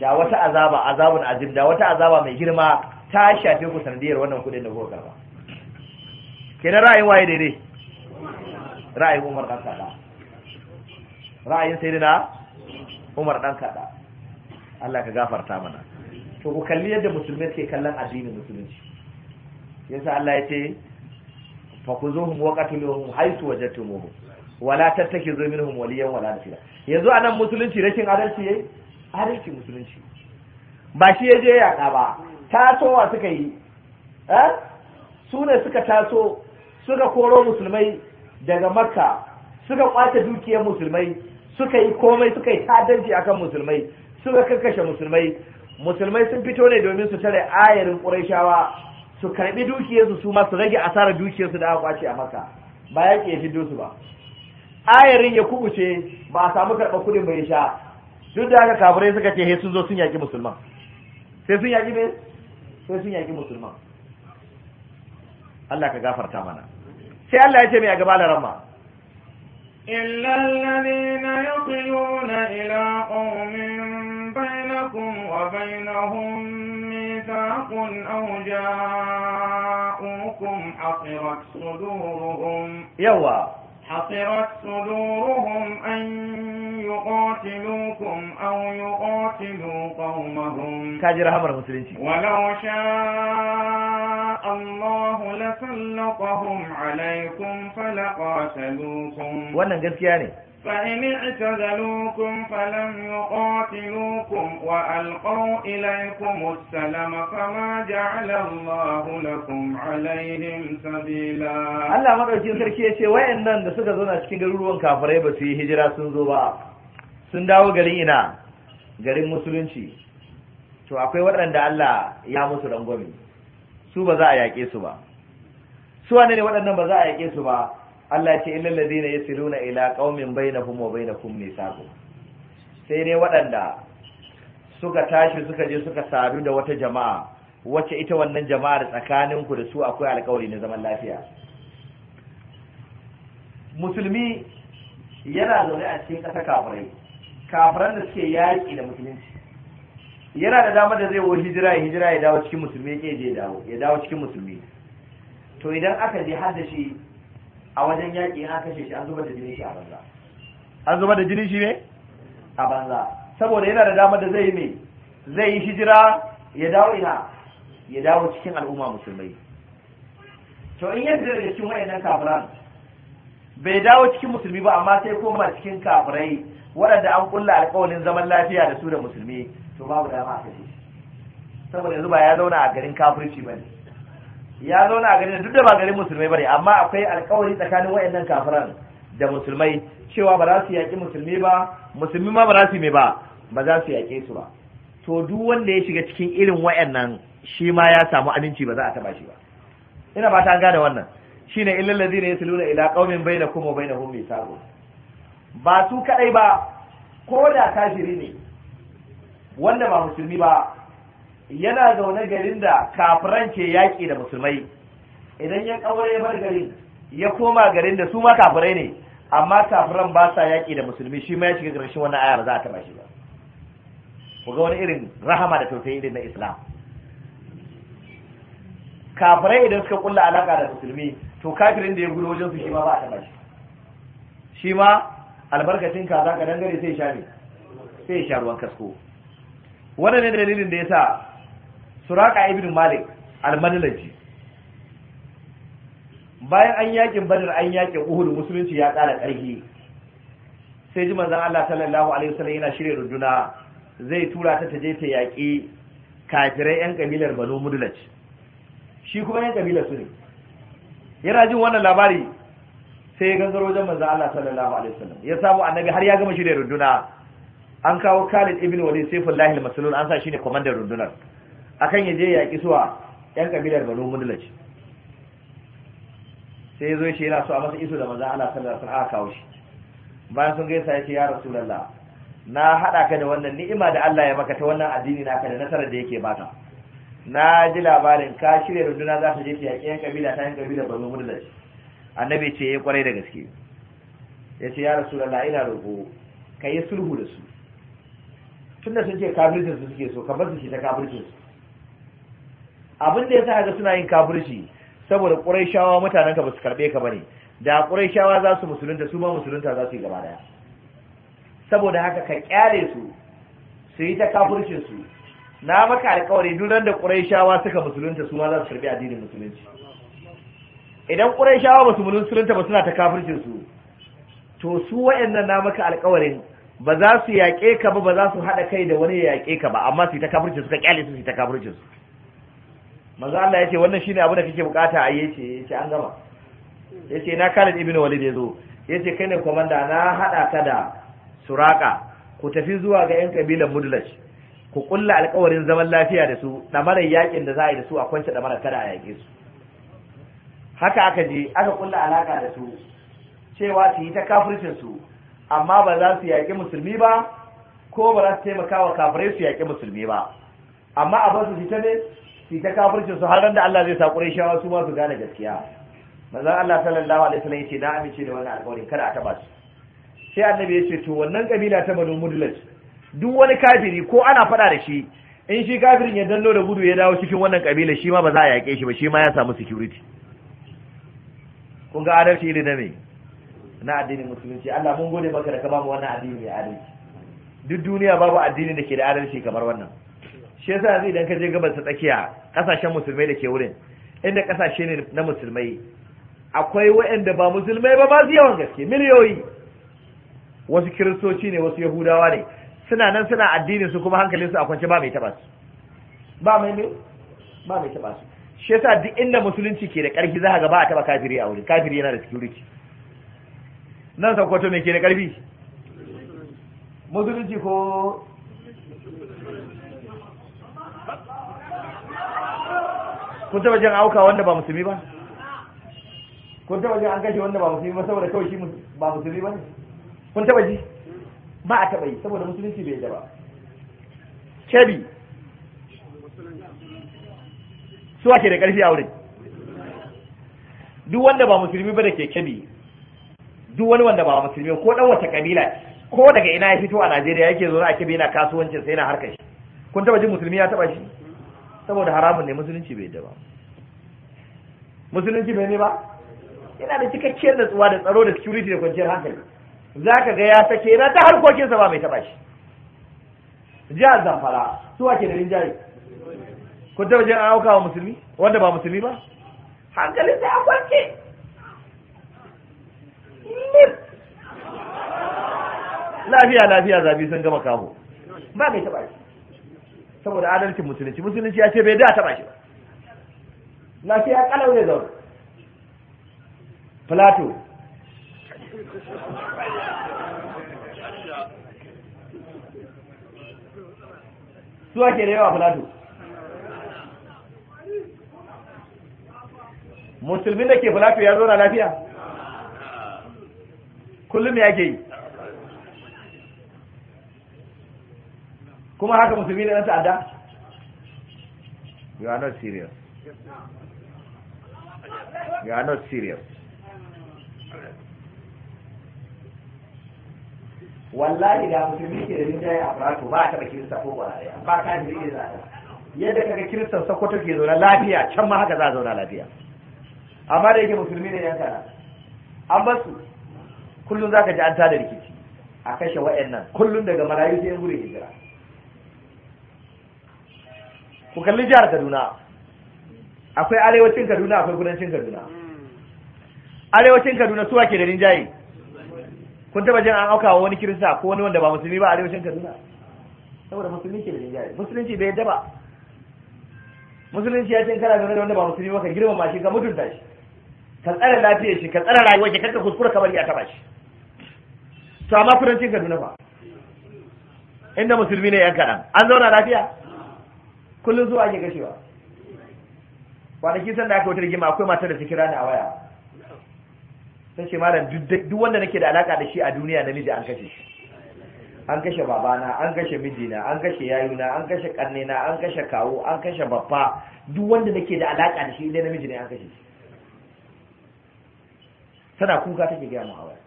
da wata azaba azabun azim da wata azaba mai girma ta shafe ku sanadiyar wannan kudin da kuka karba kenan ra'ayin waye daidai ra'ayin Umar dan kada ra'ayin sayyidina Umar dan kada Allah ka gafarta mana to ku kalli yadda musulmai ke kallon addinin musulunci yasa Allah ya ce fa kuzuhum wa qatiluhum haythu wajadtumuhum wala tattakizu minhum waliyan wala nasira yanzu anan musulunci rashin adalci yayi adalci musulunci ba shi ya je yaƙa ba tasowa suka yi eh su ne suka taso suka koro musulmai daga makka suka kwace dukiyar musulmai suka yi komai suka yi tadanci akan musulmai suka kakkashe musulmai musulmai sun fito ne domin su tare ayarin ƙurayshawa su karbi dukiyarsu su ma su rage asarar dukiyarsu da aka kwace a maka ba ya ke fiddo su ba ayarin ya kubuce ba a samu karɓar kuɗin bai sha duk da haka kafirai suka ce sun zo sun yaƙi musulman sai sun yaƙi ne sai sun yaƙi musulman Allah ka gafarta mana sai Allah ya ce mai a gaba da ramma إلا الذين يصلون إلى قوم بينكم وبينهم ميثاق أو جاءوكم حصرت صدورهم يوا حصرت صدورهم أن يقاتلوكم أو يقاتلوا قومهم كاجر همر مسلمين ولو شاء الله لسلطهم عليكم فلقاتلوكم وانا قلت يعني فإن اعتزلوكم فلم يقاتلوكم ya ce السلم فما جعل الله لكم عليهم سبيلا الله ما دوكي sarki yace wayannan da suka zauna cikin garuruwan kafirai ba su yi hijira sun zo ba sun dawo garin ina garin musulunci to akwai waɗanda Allah ya musu rangwame su ba za a yaƙe su ba su wane ne waɗannan ba za a yaƙe su ba Allah ce illal ladina yasiluna ila qaumin bainahum wa bainakum misaqun sai ne waɗanda suka tashi suka je suka sadu da wata jama'a wacce ita wannan jama'ar tsakanin ku da su akwai alƙawari na zaman lafiya musulmi yana zaune a cikin ƙasa kafirai kafiran da suke yaƙi da musulunci yana da damar da zai wo hijira ya hijira ya dawo cikin musulmi ya je dawo ya dawo cikin musulmi to idan aka je har da shi a wajen yaƙi na kashe shi an zuba da jini shi a banza an zuba da jini shi ne a banza saboda yana da damar da zai yi me zai yi hijira ya dawo ina ya dawo cikin al'umma musulmai to in yadda da cikin wayannan kafiran bai dawo cikin musulmi ba amma sai koma cikin kafirai waɗanda an kulla alƙawalin zaman lafiya da su da musulmi to babu dama a kashe saboda yanzu ba ya zauna a garin kafirci ne. ya zauna a garin duk da ba garin musulmai bane amma akwai alkawari tsakanin wayannan kafiran da musulmai cewa ba za su yaƙi musulmi ba musulmi ma ba za su yi ba ba za su yaƙe su ba to duk wanda ya shiga cikin irin wayannan shi ma ya samu aminci ba za a taba shi ba ina ba ta gane wannan shine illal ladina yasluna ila qaumin bainakum wa bainahum mithaqun ba su kadai ba ko da kafiri ne wanda ba musulmi ba yana zaune garin da kafiran ke yaƙi da musulmai idan ya ƙawar ya bar garin ya koma garin da su ma kafirai ne amma kafiran ba sa yaƙi da musulmi shi ma ya shiga ƙarshen wannan ayar za a taɓa shi ba ku ga wani irin rahama da tausayi irin na islam kafirai idan suka kulla alaka da musulmi to kafirin da ya gudu wajen su shi ma ba a taɓa shi shi ma albarkacin kaza ka dangare sai sha ne sai sha ruwan kasko wannan ne dalilin da ya sa suraka ibn malik al-madalaji bayan an yakin badar an yakin uhud musulunci ya kara ƙarfi sai ji manzon Allah sallallahu alaihi wasallam yana shirye runduna zai tura ta taje ta yaƙi kafirai yan kabilar banu mudlaj shi kuma yan kabilar su ne yana jin wannan labari sai ya gangaro wajen manzon Allah sallallahu alaihi wasallam ya samu annabi har ya gama shirye runduna an kawo Khalid ibn Walid Saifullah al-Maslul an sa shi ne komandan rundunar akan ya je ya yaƙi suwa yan kabilar banu mudlaj sai ya zo shi yana so a masa iso da manzo Allah sallallahu alaihi wasallam aka kawo shi bayan sun gaisa ya ce ya rasulullah na hada ka da wannan ni'ima da Allah ya maka ta wannan addini naka da nasarar da yake baka na ji labarin ka shirya runduna za ta je ta yaƙi yan kabila ta yan kabila banu mudlaj annabi ce ya eh, kwarai da gaske ya ce ya rasulullah ina roƙo ka yi sulhu da su tunda sun ce kafircin su suke so ka bar su shi ta kafircin su abin da sa ga suna yin kafirci saboda ƙuraishawa mutanen ka basu karɓe ka ne da ƙuraishawa za su musulunta su ma musulunta za su yi gaba daya saboda haka ka kyale su su yi ta kafircin su na maka alƙawari duk ran da quraishawa suka musulunta su ma za su karɓe addinin musulunci idan ƙuraishawa ba su musulunta ba suna ta kafircin su to su wayannan na maka alƙawarin ba za su yaƙe ka ba ba za su haɗa kai da wani ya yaƙe ka ba amma su yi ta kafircin su ka kyale su su yi ta kafircin su manzo Allah yace wannan shine abu da kake bukata a yace yace an gama yace na Khalid ibn Walid yazo yace kai ne komanda na hada ka da Suraka ku tafi zuwa ga yan kabilan Mudlaj ku kulla alƙawarin zaman lafiya da su marar yakin da za a yi da su a kwance marar kada a yake su haka aka je aka kulla alaka da su cewa su yi ta kafircin su amma ba za su yaƙi musulmi ba ko ba za su taimaka wa kafirai su yaƙi musulmi ba amma a ba su fita ne shi ta kafirce su har da Allah zai sa Qurayshawa su ba su gane gaskiya manzon Allah sallallahu alaihi wasallam yace na amince da wannan alƙawarin kada a taba su sai annabi ya ce to wannan kabila ta Banu Mudlaj duk wani kafiri ko ana fada da shi in shi kafirin ya dallo da gudu ya dawo cikin wannan kabila shi ma ba za a yaƙe shi ba shi ma ya samu security kun ga adalci ne na me na addinin musulunci Allah mun gode maka da ka bamu wannan addini mai adalci duk duniya babu addini da ke da adalci kamar wannan shi yasa yanzu idan ka je gabas ta tsakiya kasashen musulmai da ke wurin inda kasashe ne na musulmai akwai waɗanda ba musulmai ba su yawan gaske miliyoyi wasu kiristoci ne wasu yahudawa ne suna nan suna addinin su kuma su a kwance ba mai taba su ba mai ne ba mai taba su shi yasa duk inda musulunci ke da ƙarfi za ga ba a taba kafiri a wurin kafiri yana da security nan sakwato me ke da ƙarfi musulunci ko kun taba jin auka wanda ba musulmi ba kun taba jin an kashe wanda ba musulmi ba saboda kawai shi ba musulmi ba ne kun taba ji ba a taba yi saboda musulunci bai ba kebi suwa ke da karfi a wurin duk wanda ba musulmi ba da ke kebi duk wani wanda ba musulmi ko dan wata kabila ko daga ina ya fito a Najeriya yake zo a kebi yana kasuwancin sai na harkar shi kun taba jin musulmi ya taba shi saboda haramun ne musulunci bai da ba musulunci bai ne ba yana da cikakkiyar natsuwa da tsaro da security da kwanciyar hankali za ka ga ya sake na ta harkokinsa ba mai taɓa shi jihar zamfara su wake da rinjaye kun taɓa jin an auka wa musulmi wanda ba musulmi ba hankalin sai a kwanci lafiya lafiya zabi sun gama kaho ba mai taɓa shi saboda adalcin musulunci musulunci ya ce bai da taba shi ba lafiya kalau ne zaune plato suwa ke da yawa plato musulmin da ke plato ya zo na lafiya kullum ya ke yi kuma haka musulmi ne dan ta'adda you are not serious you are not serious wallahi da musulmi ke da rinjaye a faratu ba a taɓa kirista ko ba ba ka da rinjaye a yadda kaga kiristan sokoto ke zaune lafiya can ma haka za a zauna lafiya amma da yake musulmi ne yan kana an ba su kullum za ka ji an tada rikici a kashe wa'annan kullum daga marayu sai yan gudun hijira ku kalli jihar kaduna akwai arewacin kaduna akwai kudancin kaduna arewacin kaduna su ake da rinjaye kun taba jin an auka wani kirista ko wani wanda ba musulmi ba arewacin kaduna saboda musulmi ke da rinjaye musulunci bai yadda ba musulunci ya ce kana zaune da wanda ba musulmi ba ka ma shi ka mutunta shi ka tsare lafiyar shi ka tsare rayuwar shi karka kuskura kamar ya taba shi to amma kudancin kaduna fa inda musulmi ne yan kaɗan an zauna lafiya kullum zuwa ake kashewa kwanaki sanda aka wata rigima akwai matar da ta kira ni a waya ta ce malam duk wanda nake da alaka da shi a duniya namiji an kashe shi an kashe babana an kashe mijina an kashe yayuna an kashe karnina an kashe kawo an kashe babba duk wanda nake da alaka da shi inda namiji ne an kashe shi tana kuka take gaya mu a waya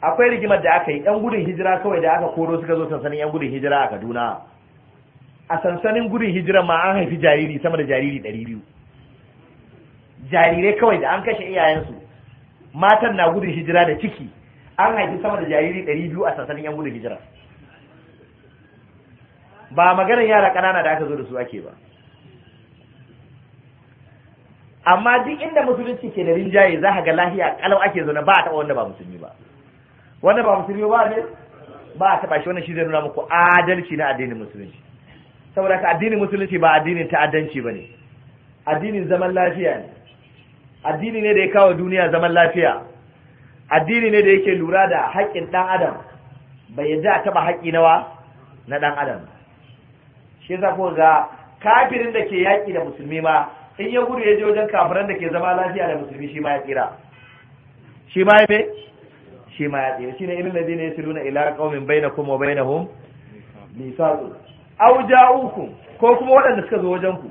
akwai rigimar da aka yi ɗan gudun hijira kawai da aka koro suka zo sansanin yan gudun hijira a kaduna a sansanin gudun hijira ma an haifi jariri sama da jariri ɗari biyu jarirai kawai da an kashe iyayensu matan na gudun hijira da ciki an haifi sama da jariri ɗari biyu a sansanin yan gudun hijira ba maganar yara ƙanana da aka zo da su ake ba amma duk inda musulunci ke da rinjaye za ka ga lahiya kalau ake zaune ba a taɓa wanda ba musulmi ba wanda ba musulmi ba ne ba a taɓa shi wannan shi zai nuna muku adalci na addinin musulunci saboda ka addinin musulunci ba addinin ta'addanci ba ne addinin zaman lafiya ne addini ne da ya kawo duniya zaman lafiya addini ne da yake lura da haƙƙin ɗan adam bai yadda a taɓa haƙƙi nawa na ɗan adam shi yasa ko ga kafirin da ke yaƙi da musulmi ma in ya gudu ya je wajen kafiran da ke zama lafiya da musulmi shi ma ya tsira shi ma ya me shi ma ya tsira ne ilin ladina siluna ila qaumin bainakum baina hum misalu aw ja'ukum ko kuma waɗanda suka zo wajen ku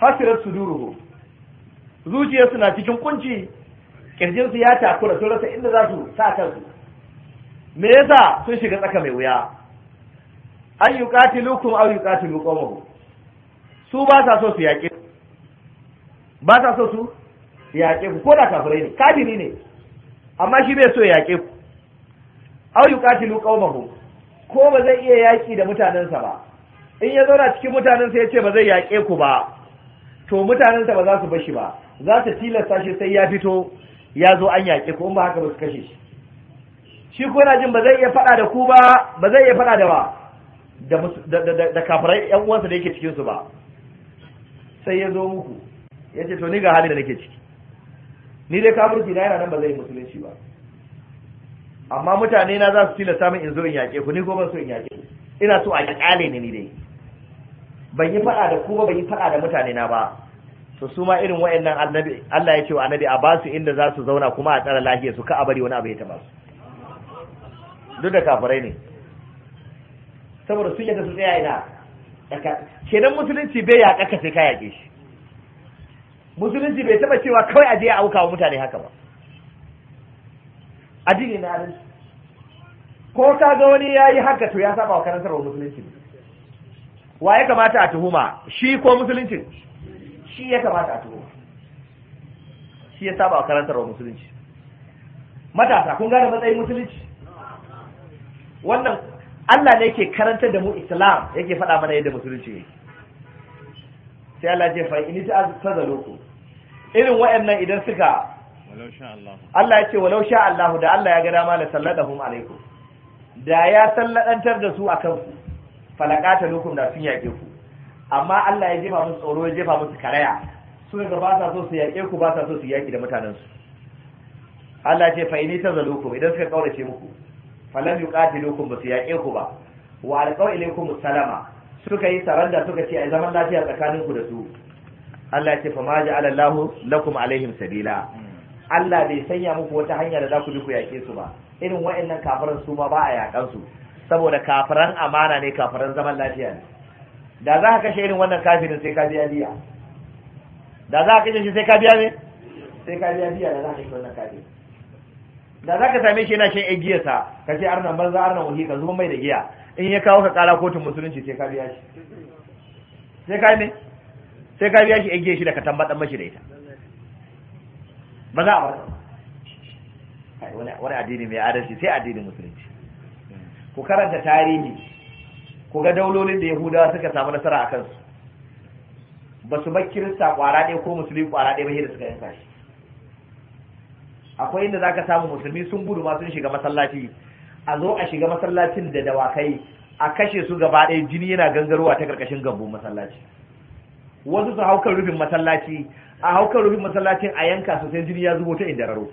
hasirat suduruhu zuciyarsu na cikin kunci su ya takura sun rasa inda za su sa kansu me yasa sun shiga tsaka mai wuya an yi katilukum au yi katilu qawmuhu su ba sa so su yaƙi ba sa so su yaƙe ku ko da kafirai ne kafiri ne amma shi bai so ya yaƙe ku aw yuqatilu ko ba zai iya yaƙi da mutanensa ba in ya zauna cikin mutanensa ya ce ba zai yaƙe ku ba to mutanensa ba za su bashi ba za su tilasta shi sai ya fito ya zo an yaƙe ku in ba haka ba su kashe shi shi ko na jin ba zai iya faɗa da ku ba ba zai iya faɗa da ba da kafirai yan uwansa da yake cikin su ba sai ya zo muku ya ce to ni ga hali da nake ciki ni dai kafirci na yana nan ba zai musulunci ba amma mutane na za su tilasta samun in zo in yaƙe ku ni ko ban so in yaƙe ku ina so a ƙale ne ni dai ban yi faɗa da ku ba ban yi faɗa da mutane na ba to su ma irin wayannan annabi Allah ya ce wa annabi a basu inda za su zauna kuma a tsara lafiyar su ka a bari wani abu ya taba su duk da kafirai ne saboda sun yadda su tsaya ina kenan musulunci bai yaƙa ka sai ka yaƙe shi musulunci bai taba cewa kawai aje je auka aukawa mutane haka ba addini na adalci ko ka ga wani ya yi haka to ya saba wa wa musulunci wa ya kamata a tuhuma shi ko musulunci shi ya kamata a tuhuma shi ya saba wa wa musulunci matasa kun gane matsayin musulunci wannan Allah ne yake karantar da mu Islam yake faɗa mana yadda musulunci yake sai Allah ce fa in ta loko. irin waɗannan idan suka Allah ya ce walau sha Allah da Allah ya ga dama la salladahum alaikum da ya salladantar da su akan ku falakata lokum da sun yake ku amma Allah ya jefa musu tsoro ya jefa musu karaya su ga ba sa so su yake ku ba sa so su yaki da mutanen su Allah ya ce fa in tazalukum idan suka kaurace muku falam yuqatilukum ba su yake ku ba wa alqaw ilaykum salama suka yi saranda suka ce ai zaman lafiya tsakanin ku da su Allah ce fa ma ja'ala alallahu lakum alaihim sabila Allah bai sanya muku wata hanya da za ku bi ku yake su ba irin wa'annan kafiran su ma ba a yakan su saboda kafiran amana ne kafiran zaman lafiya ne da za ka kashe irin wannan kafirin sai ka biya biya da za ka kashe shi sai ka biya ne sai ka biya biya da za ka kashe wannan kafirin da za ka same shi yana shan igiyarsa ka ce arnan banza arnan wahi ka zuba mai da giya in ya kawo ka kara kotun musulunci sai ka biya shi sai ka ne sai ka biya shi egiye shi da ka tambadan mashi da ita ba za a ba wani addini mai adalci sai addinin musulunci ku karanta tarihi ku ga daulolin da yahudawa suka samu nasara a kansu ba su bar kirista kwara ɗaya ko musulmi kwara ɗaya ba da suka yanka shi akwai inda za ka samu musulmi sun gudu ma sun shiga masallaci a zo a shiga masallacin da dawakai a kashe su gaba ɗaya jini yana gangarowa ta karkashin gambun masallaci wasu su hauka rufin masallaci a hauka rufin masallacin a yanka su sai jini ya zubo ta inda raro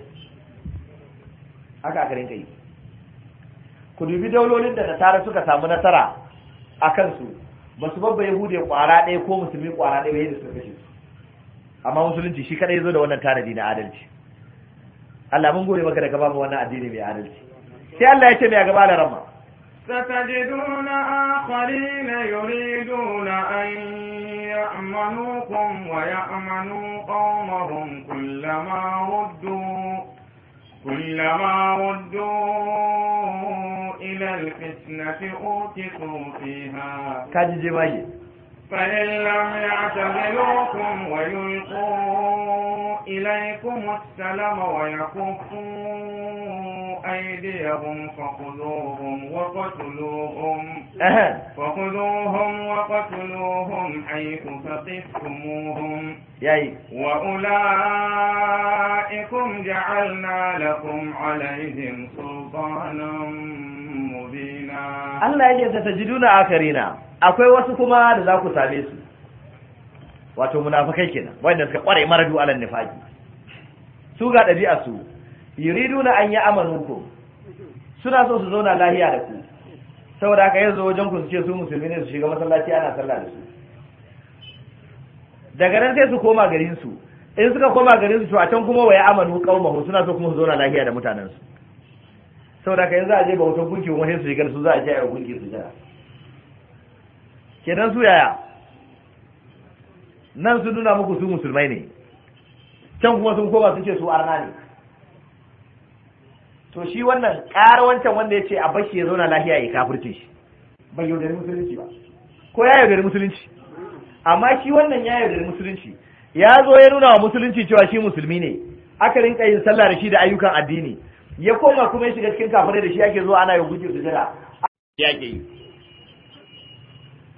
haka aka rinka yi ku dubi daulolin da nasara suka samu nasara a kansu ba su babba yahude kwara ɗaya ko musulmi kwara ɗaya ba yadda suka kashe su amma musulunci shi kaɗai ya zo da wannan tanadi na adalci Allah mun gode maka da ka bamu wannan addini mai adalci sai Allah ya ce mai gaba da rama ستجدون آخرين يريدون أن يأمنوكم ويأمنوا قومهم كلما ردوا كلما ردوا إلى الفتنة أوتكوا فيها كجمعي فإن لم يعتزلوكم ويلقوا إليكم السلام ويكفوا أيديهم فخذوهم وقتلوهم فخذوهم وقتلوهم حيث ثقفتموهم وأولئكم جعلنا لكم عليهم سلطانا مبينا الله يجب تجدون آخرين akwai wasu kuma da za ku same su wato munafikai kenan wanda suka kware maradu alal nifaqi su ga ɗabi'a su yuriduna an ya'manukum suna so su zauna lahiya da ku saboda yi yanzu wajen ku su ce su musulmi ne su shiga masallaci ana sallah da su daga nan sai su koma garin su in suka koma garin su to a can kuma waya amanu qaumahu suna so kuma su zauna lahiya da mutanen su saboda yi yanzu a je bautar gunki wani su shiga su za a je a gunki su jira kenan su yaya nan su nuna muku su musulmai ne can kuma sun koma sun ce su arna ne to shi wannan ƙara wancan wanda ya ce a bashi ya zauna lafiya ya kafirce shi bai yaudari musulunci ba ko ya yaudari musulunci amma shi wannan ya yaudari musulunci ya zo ya nuna wa musulunci cewa shi musulmi ne aka rinka yin sallah da shi da ayyukan addini ya koma kuma ya shiga cikin kafirai da shi yake zuwa ana yin guje ya yake yi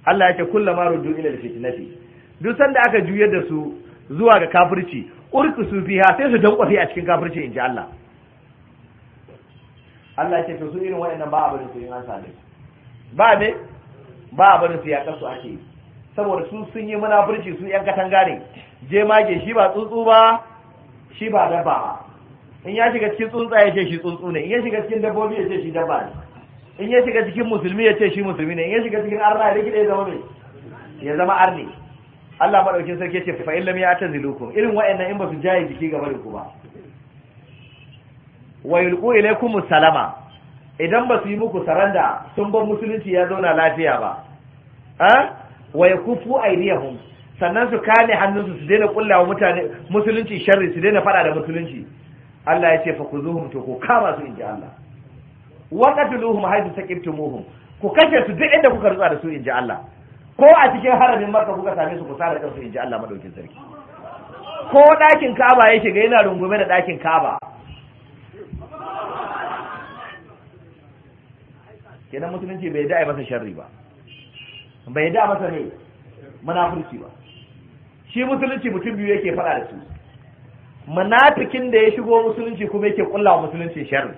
Allah ya ce kullama ruddu ila fitnati duk sanda aka juyar da su zuwa ga kafirci urku su fiha sai su dankwafe a cikin kafirci ji Allah Allah ya ce to su irin waɗannan ba a su yin an same ba ne ba a su ya kasu ake saboda su sun yi munafurci su yan katanga ne je mage shi ba tsuntsu ba shi ba dabba ba in ya shiga cikin tsuntsa ya ce shi tsuntsu ne in ya shiga cikin dabbobi ya ce shi dabba ne in ya shiga cikin musulmi ya ce shi musulmi ne in ya shiga cikin arna ya rikide ya zama mai ya zama arni Allah madaukin sarki ya ce fa illam ya tazilukum irin wa'annan in ba su jaye jiki gaba da ku ba wa yulqu ilaykum salama idan ba su yi muku saranda sun bar musulunci ya zauna lafiya ba eh wa yakufu aydiyahum sannan su kame hannunsu su daina kullawa mutane musulunci sharri su daina fada da musulunci Allah ya ce fa kuzuhum to ko kama su inji Allah wa qatluhum haythu saqibtumuhum ku kashe su duk inda kuka rutsa da su inji Allah ko a cikin haramin Makka kuka same su ku sare kansu inji Allah madaukin sarki ko ɗakin Ka'aba ya shiga yana rungume da ɗakin Ka'aba kenan musulunci bai da'a masa sharri ba bai da'a masa ne munafurci ba shi musulunci mutum biyu yake faɗa da su munafikin da ya shigo musulunci kuma yake kulla musulunci sharri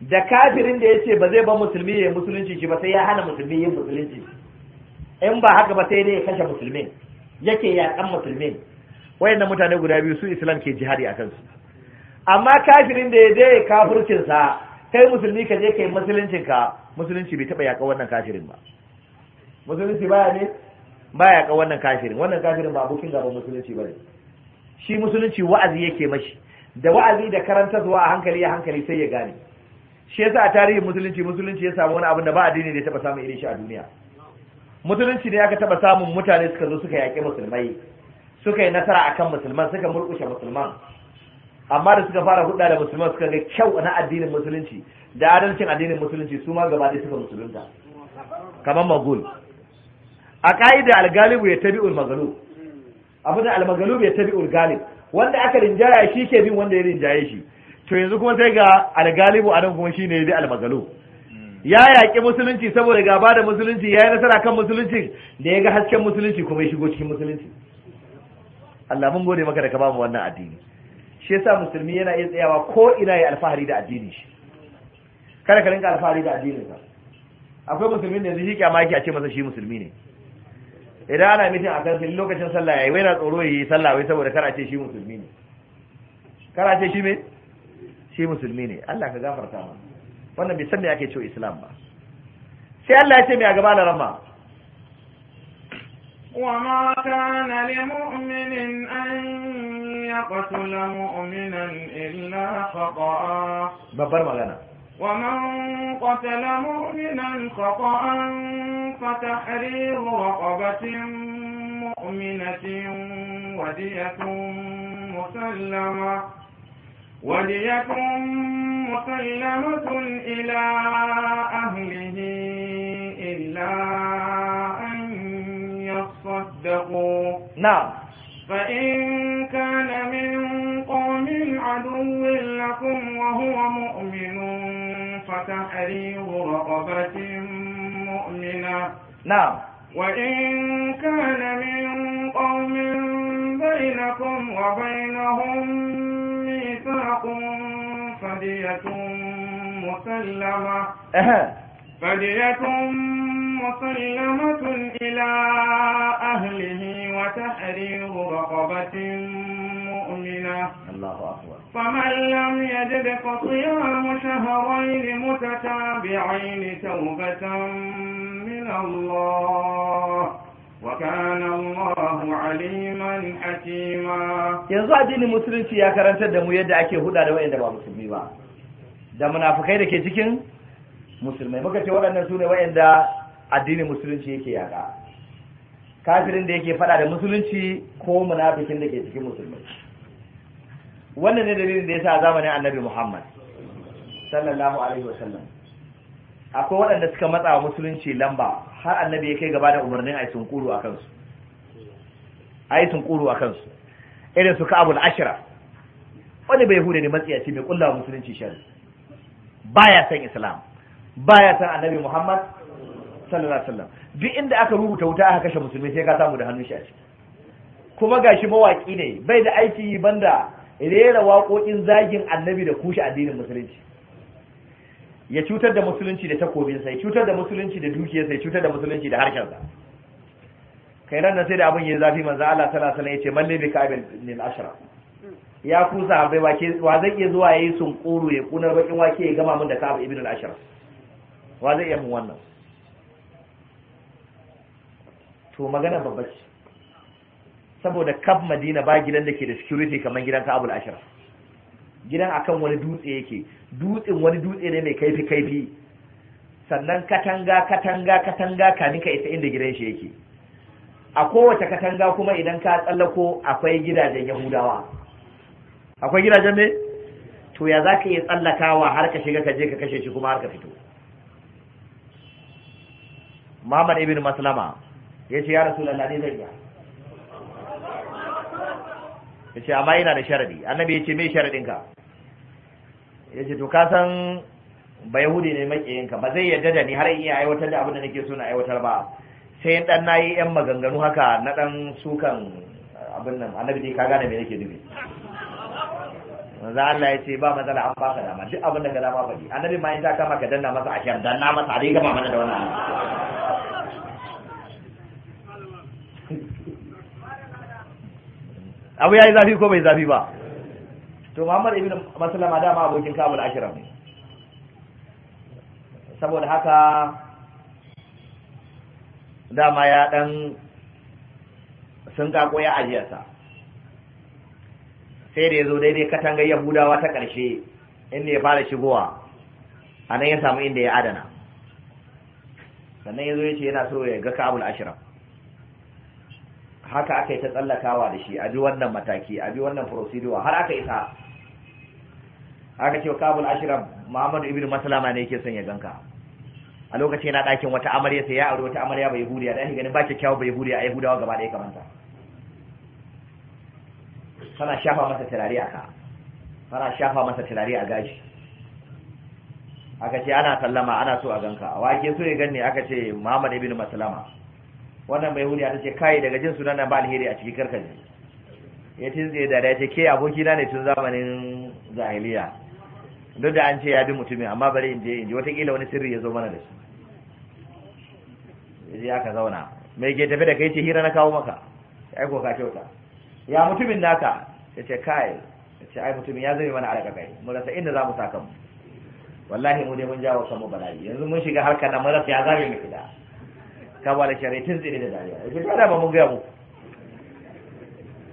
da kafirin da ya ce ba zai ba musulmi ya yi musulunci shi ba sai ya hana musulmi yin musulunci in ba haka ba sai dai ya kashe musulmin yake kan musulmin wayanda mutane guda biyu su islam ke jihadi a kansu amma kafirin da ya je sa kai musulmi ka je kai musulunci ka musulunci bai taba yaƙa wannan kafirin ba musulunci baya ne ya yaƙa wannan kafirin wannan kafirin ba abokin gaban musulunci ba ne. shi musulunci wa'azi yake mashi da wa'azi da karantarwa a hankali a hankali sai ya gane shi yasa a tarihin musulunci musulunci ya samu wani abin da ba addini da ya taba samun irin shi a duniya musulunci ne aka taba samun mutane suka zo suka yaƙi musulmai suka yi nasara akan musulman suka murƙushe musulman amma da suka fara hudda da musulman suka ga kyau na addinin musulunci da adalcin addinin musulunci su ma gaba ɗaya suka musulunta kamar magul a ka'ida algalibu ya tabi ulmagalu abu da almagalu ya tabi ulgalib wanda aka rinjaya shi ke bin wanda ya rinjaye shi to yanzu kuma sai ga algalibu a nan kuma shine ya bi almagalu ya yaƙi musulunci saboda gaba da musulunci ya yi nasara kan musulunci da ya ga hasken musulunci kuma ya shigo cikin musulunci Allah mun gode maka da ka bamu wannan addini shi yasa musulmi yana iya tsayawa ko ina ya alfahari da addini shi kada ka rinka alfahari da addini ka akwai musulmi da yanzu shi kyama yake a ce masa shi musulmi ne idan ana mitin a kansu lokacin sallah yayi wai na tsoro yayi sallah wai saboda a ce shi musulmi ne a ce shi me shi musulmi ne Allah ka gafarta ma wannan bai san me ake cewa islam ba sai Allah ya ce me a gaba da rama وما كان لمؤمن أن يقتل مؤمنا إلا خطأ ببر مغانا ومن قتل مؤمنا خطأ فتحرير رقبة مؤمنة ودية مسلمة ودية مسلمة إلى أهله إلا أن يصدقوا نعم فإن كان من قوم عدو لكم وهو مؤمن فتحرير رقبة مؤمنة نعم وإن كان من قوم بينكم وبينهم ميثاق فدية مسلمة أه. فدية مسلمة إلى أهله وتحرير رقبة مؤمنة الله أكبر فمن لم يجد فصيام شهرين متتابعين توبة من الله yanzu addinin musulunci ya karantar da mu yadda ake huda da wayanda ba musulmi ba da munafukai da ke cikin musulmai muka ce waɗannan su ne waɗanda addinin musulunci yake yaƙa kafirin da yake faɗa da musulunci ko munafikin da ke cikin musulmai wannan ne dalilin da ya a zamanin annabi muhammad sallallahu alaihi wa sallam, akwai waɗanda suka matsa wa musulunci lamba har annabi ya kai gaba da umarnin a yi tunkuru a kansu a yi tunkuru a kansu irin su ka'abul ashira wani bai hude ne matsiyaci bai kulla musulunci shari ya san islam baya san annabi Muhammad sallallahu alaihi wasallam duk inda aka rubuta wuta aka kashe musulmi sai ka samu da hannun shi a ciki kuma gashi mawaki ne bai da aiki banda rera waƙoƙin zagin annabi da kushe addinin musulunci ya cutar da musulunci da takobin ya cutar da musulunci da dukiya ya cutar da musulunci da sa kai nan sai da abin ya zafi manzo Allah sallallahu alaihi wasallam yace malli bi kabil lil ashra ya kusa bai wake wa zai iya zuwa yayi sunkuru ya kunar bakin wake ya gama mun da Ka'ab ibn al ashra wa zai iya mun wannan to magana babba ce saboda kaf madina ba gidan da ke da security kamar gidan abu'l ashraf gidan akan wani dutse yake dutsen wani dutse ne mai kaifi kaifi sannan katanga katanga katanga kamin ka isa inda gidan shi yake a kowace katanga kuma idan ka tsallako akwai gidajen yahudawa akwai gidajen me to ya za ka iya tsallakawa har ka shiga ka je ka kashe shi kuma har ka fito Muhammad ibn Maslama ya ce ya rasu ne zai ya ya ce amma yana da sharadi annabi ya ce me sharadinka ya ce to ka san ba yahudi ne yanka ba zai yarda da ni har in iya aiwatar da abin da nake so na aiwatar ba sai yin dan nayi yan maganganu haka na dan sukan abin nan annabi ne ka gane me nake dubi. Za Allah ya ce ba matsala an baka dama duk abin da ka dama faɗi annabi ma in ta kama ka danna masa a kyar danna masa a dai gama mana da wannan abu ya yi zafi ko bai zafi ba to Muhammad ibn Maslama dama abokin Kabul Ashram ne saboda haka dama ya dan sun kako ya ajiyarsa sai da ya zo daidai katangar budawa ta ƙarshe inda ya fara shigowa a nan ya samu inda ya adana sannan ya zo ya ce yana so ya ga kabul ashiram haka aka yi ta tsallakawa da shi a bi wannan mataki a bi wannan procedure har aka isa aka ce kabul ashira muhammadu ibn maslama ne yake son ya ganka a lokacin na ɗakin wata amarya sai ya aure wata amarya bai huriya da ake ganin ba kyakkyawa bai huriya a yahudawa gaba ɗaya kamanta tana shafa masa turare a ka tana shafa masa turare a gashi aka ce ana sallama ana so a ganka a wake so ya ganni aka ce muhammadu ibn maslama wannan mai hudiya ta ce kai daga jin sunan nan ba alheri a ciki karkar ne ya tinse da ya ce ke abokina ne tun zamanin zahiliya duk da an ce ya bi mutumin amma bari in je in ji watakila wani sirri ya zo mana da shi ya ka zauna mai ke tafi da kai ce hira na kawo maka ya aiko ka kyauta ya mutumin naka ya ce kai ya ce ai mutumin ya zame mana alaƙa kai mu rasa inda za mu sa kanmu wallahi mu ne mun jawo kanmu bala'i yanzu mun shiga harkar da mu rasa ya zame mu kida. ka da shari'a tun zai da dariya ya ce ba mun gaya mu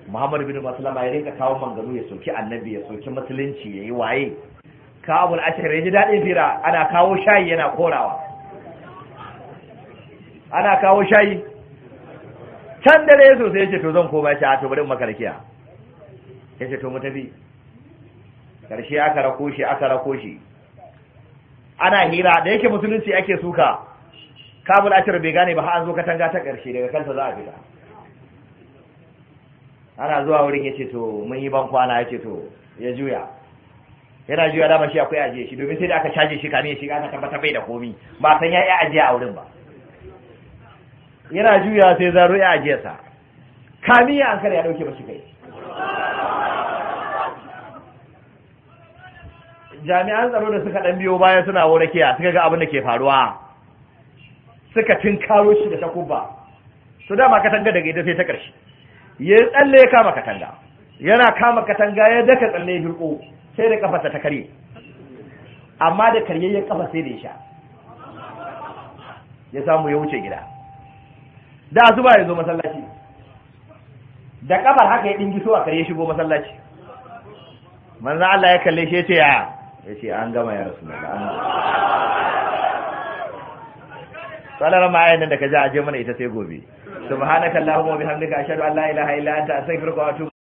Muhammad bin Maslama ya rinka kawo manganu ya soki annabi ya soki musulunci ya yi waye kawabul ashir ya ji daɗin fira ana kawo shayi yana korawa ana kawo shayi can da dai sosai ya ce to zan koma shi a to bari makarkiya ya ce to mu tafi karshe aka rako shi aka rako shi ana hira da yake musulunci ake suka kabul ashir bai gane ba har an zo katanga ta ƙarshe daga kanta za a fita ana zuwa wurin ya ce to mun yi ban kwana ya ce to ya juya yana juya dama shi akwai ajiye shi domin sai da aka caje shi kamin ya shiga aka tabbatar bai da komi ba san ya yi ajiye a wurin ba yana juya sai zaro ya ajiye sa kamin ya ankara ya dauke shi kai jami'an tsaro da suka dan biyo baya suna wurakiya suka ga abin da ke faruwa suka tinkaro shi da takubba to dama katanga daga ita sai ta karshe ya tsalle ya kama katanga yana kama katanga ya daka tsalle ya birko sai da kafarsa ta karye amma da karye ya kafa sai da ya sha ya samu ya wuce gida da asuba ya zo masallaci da kafar haka ya dingi so a karye shigo masallaci manzo Allah ya kalle shi ya ce ya ya ce an gama ya rasu da ma ma'ayan nan da ka ji aje mana ita sai gobe subhanakallahumma wa bihamdika ashhadu an la ilaha illa anta astaghfiruka wa atubu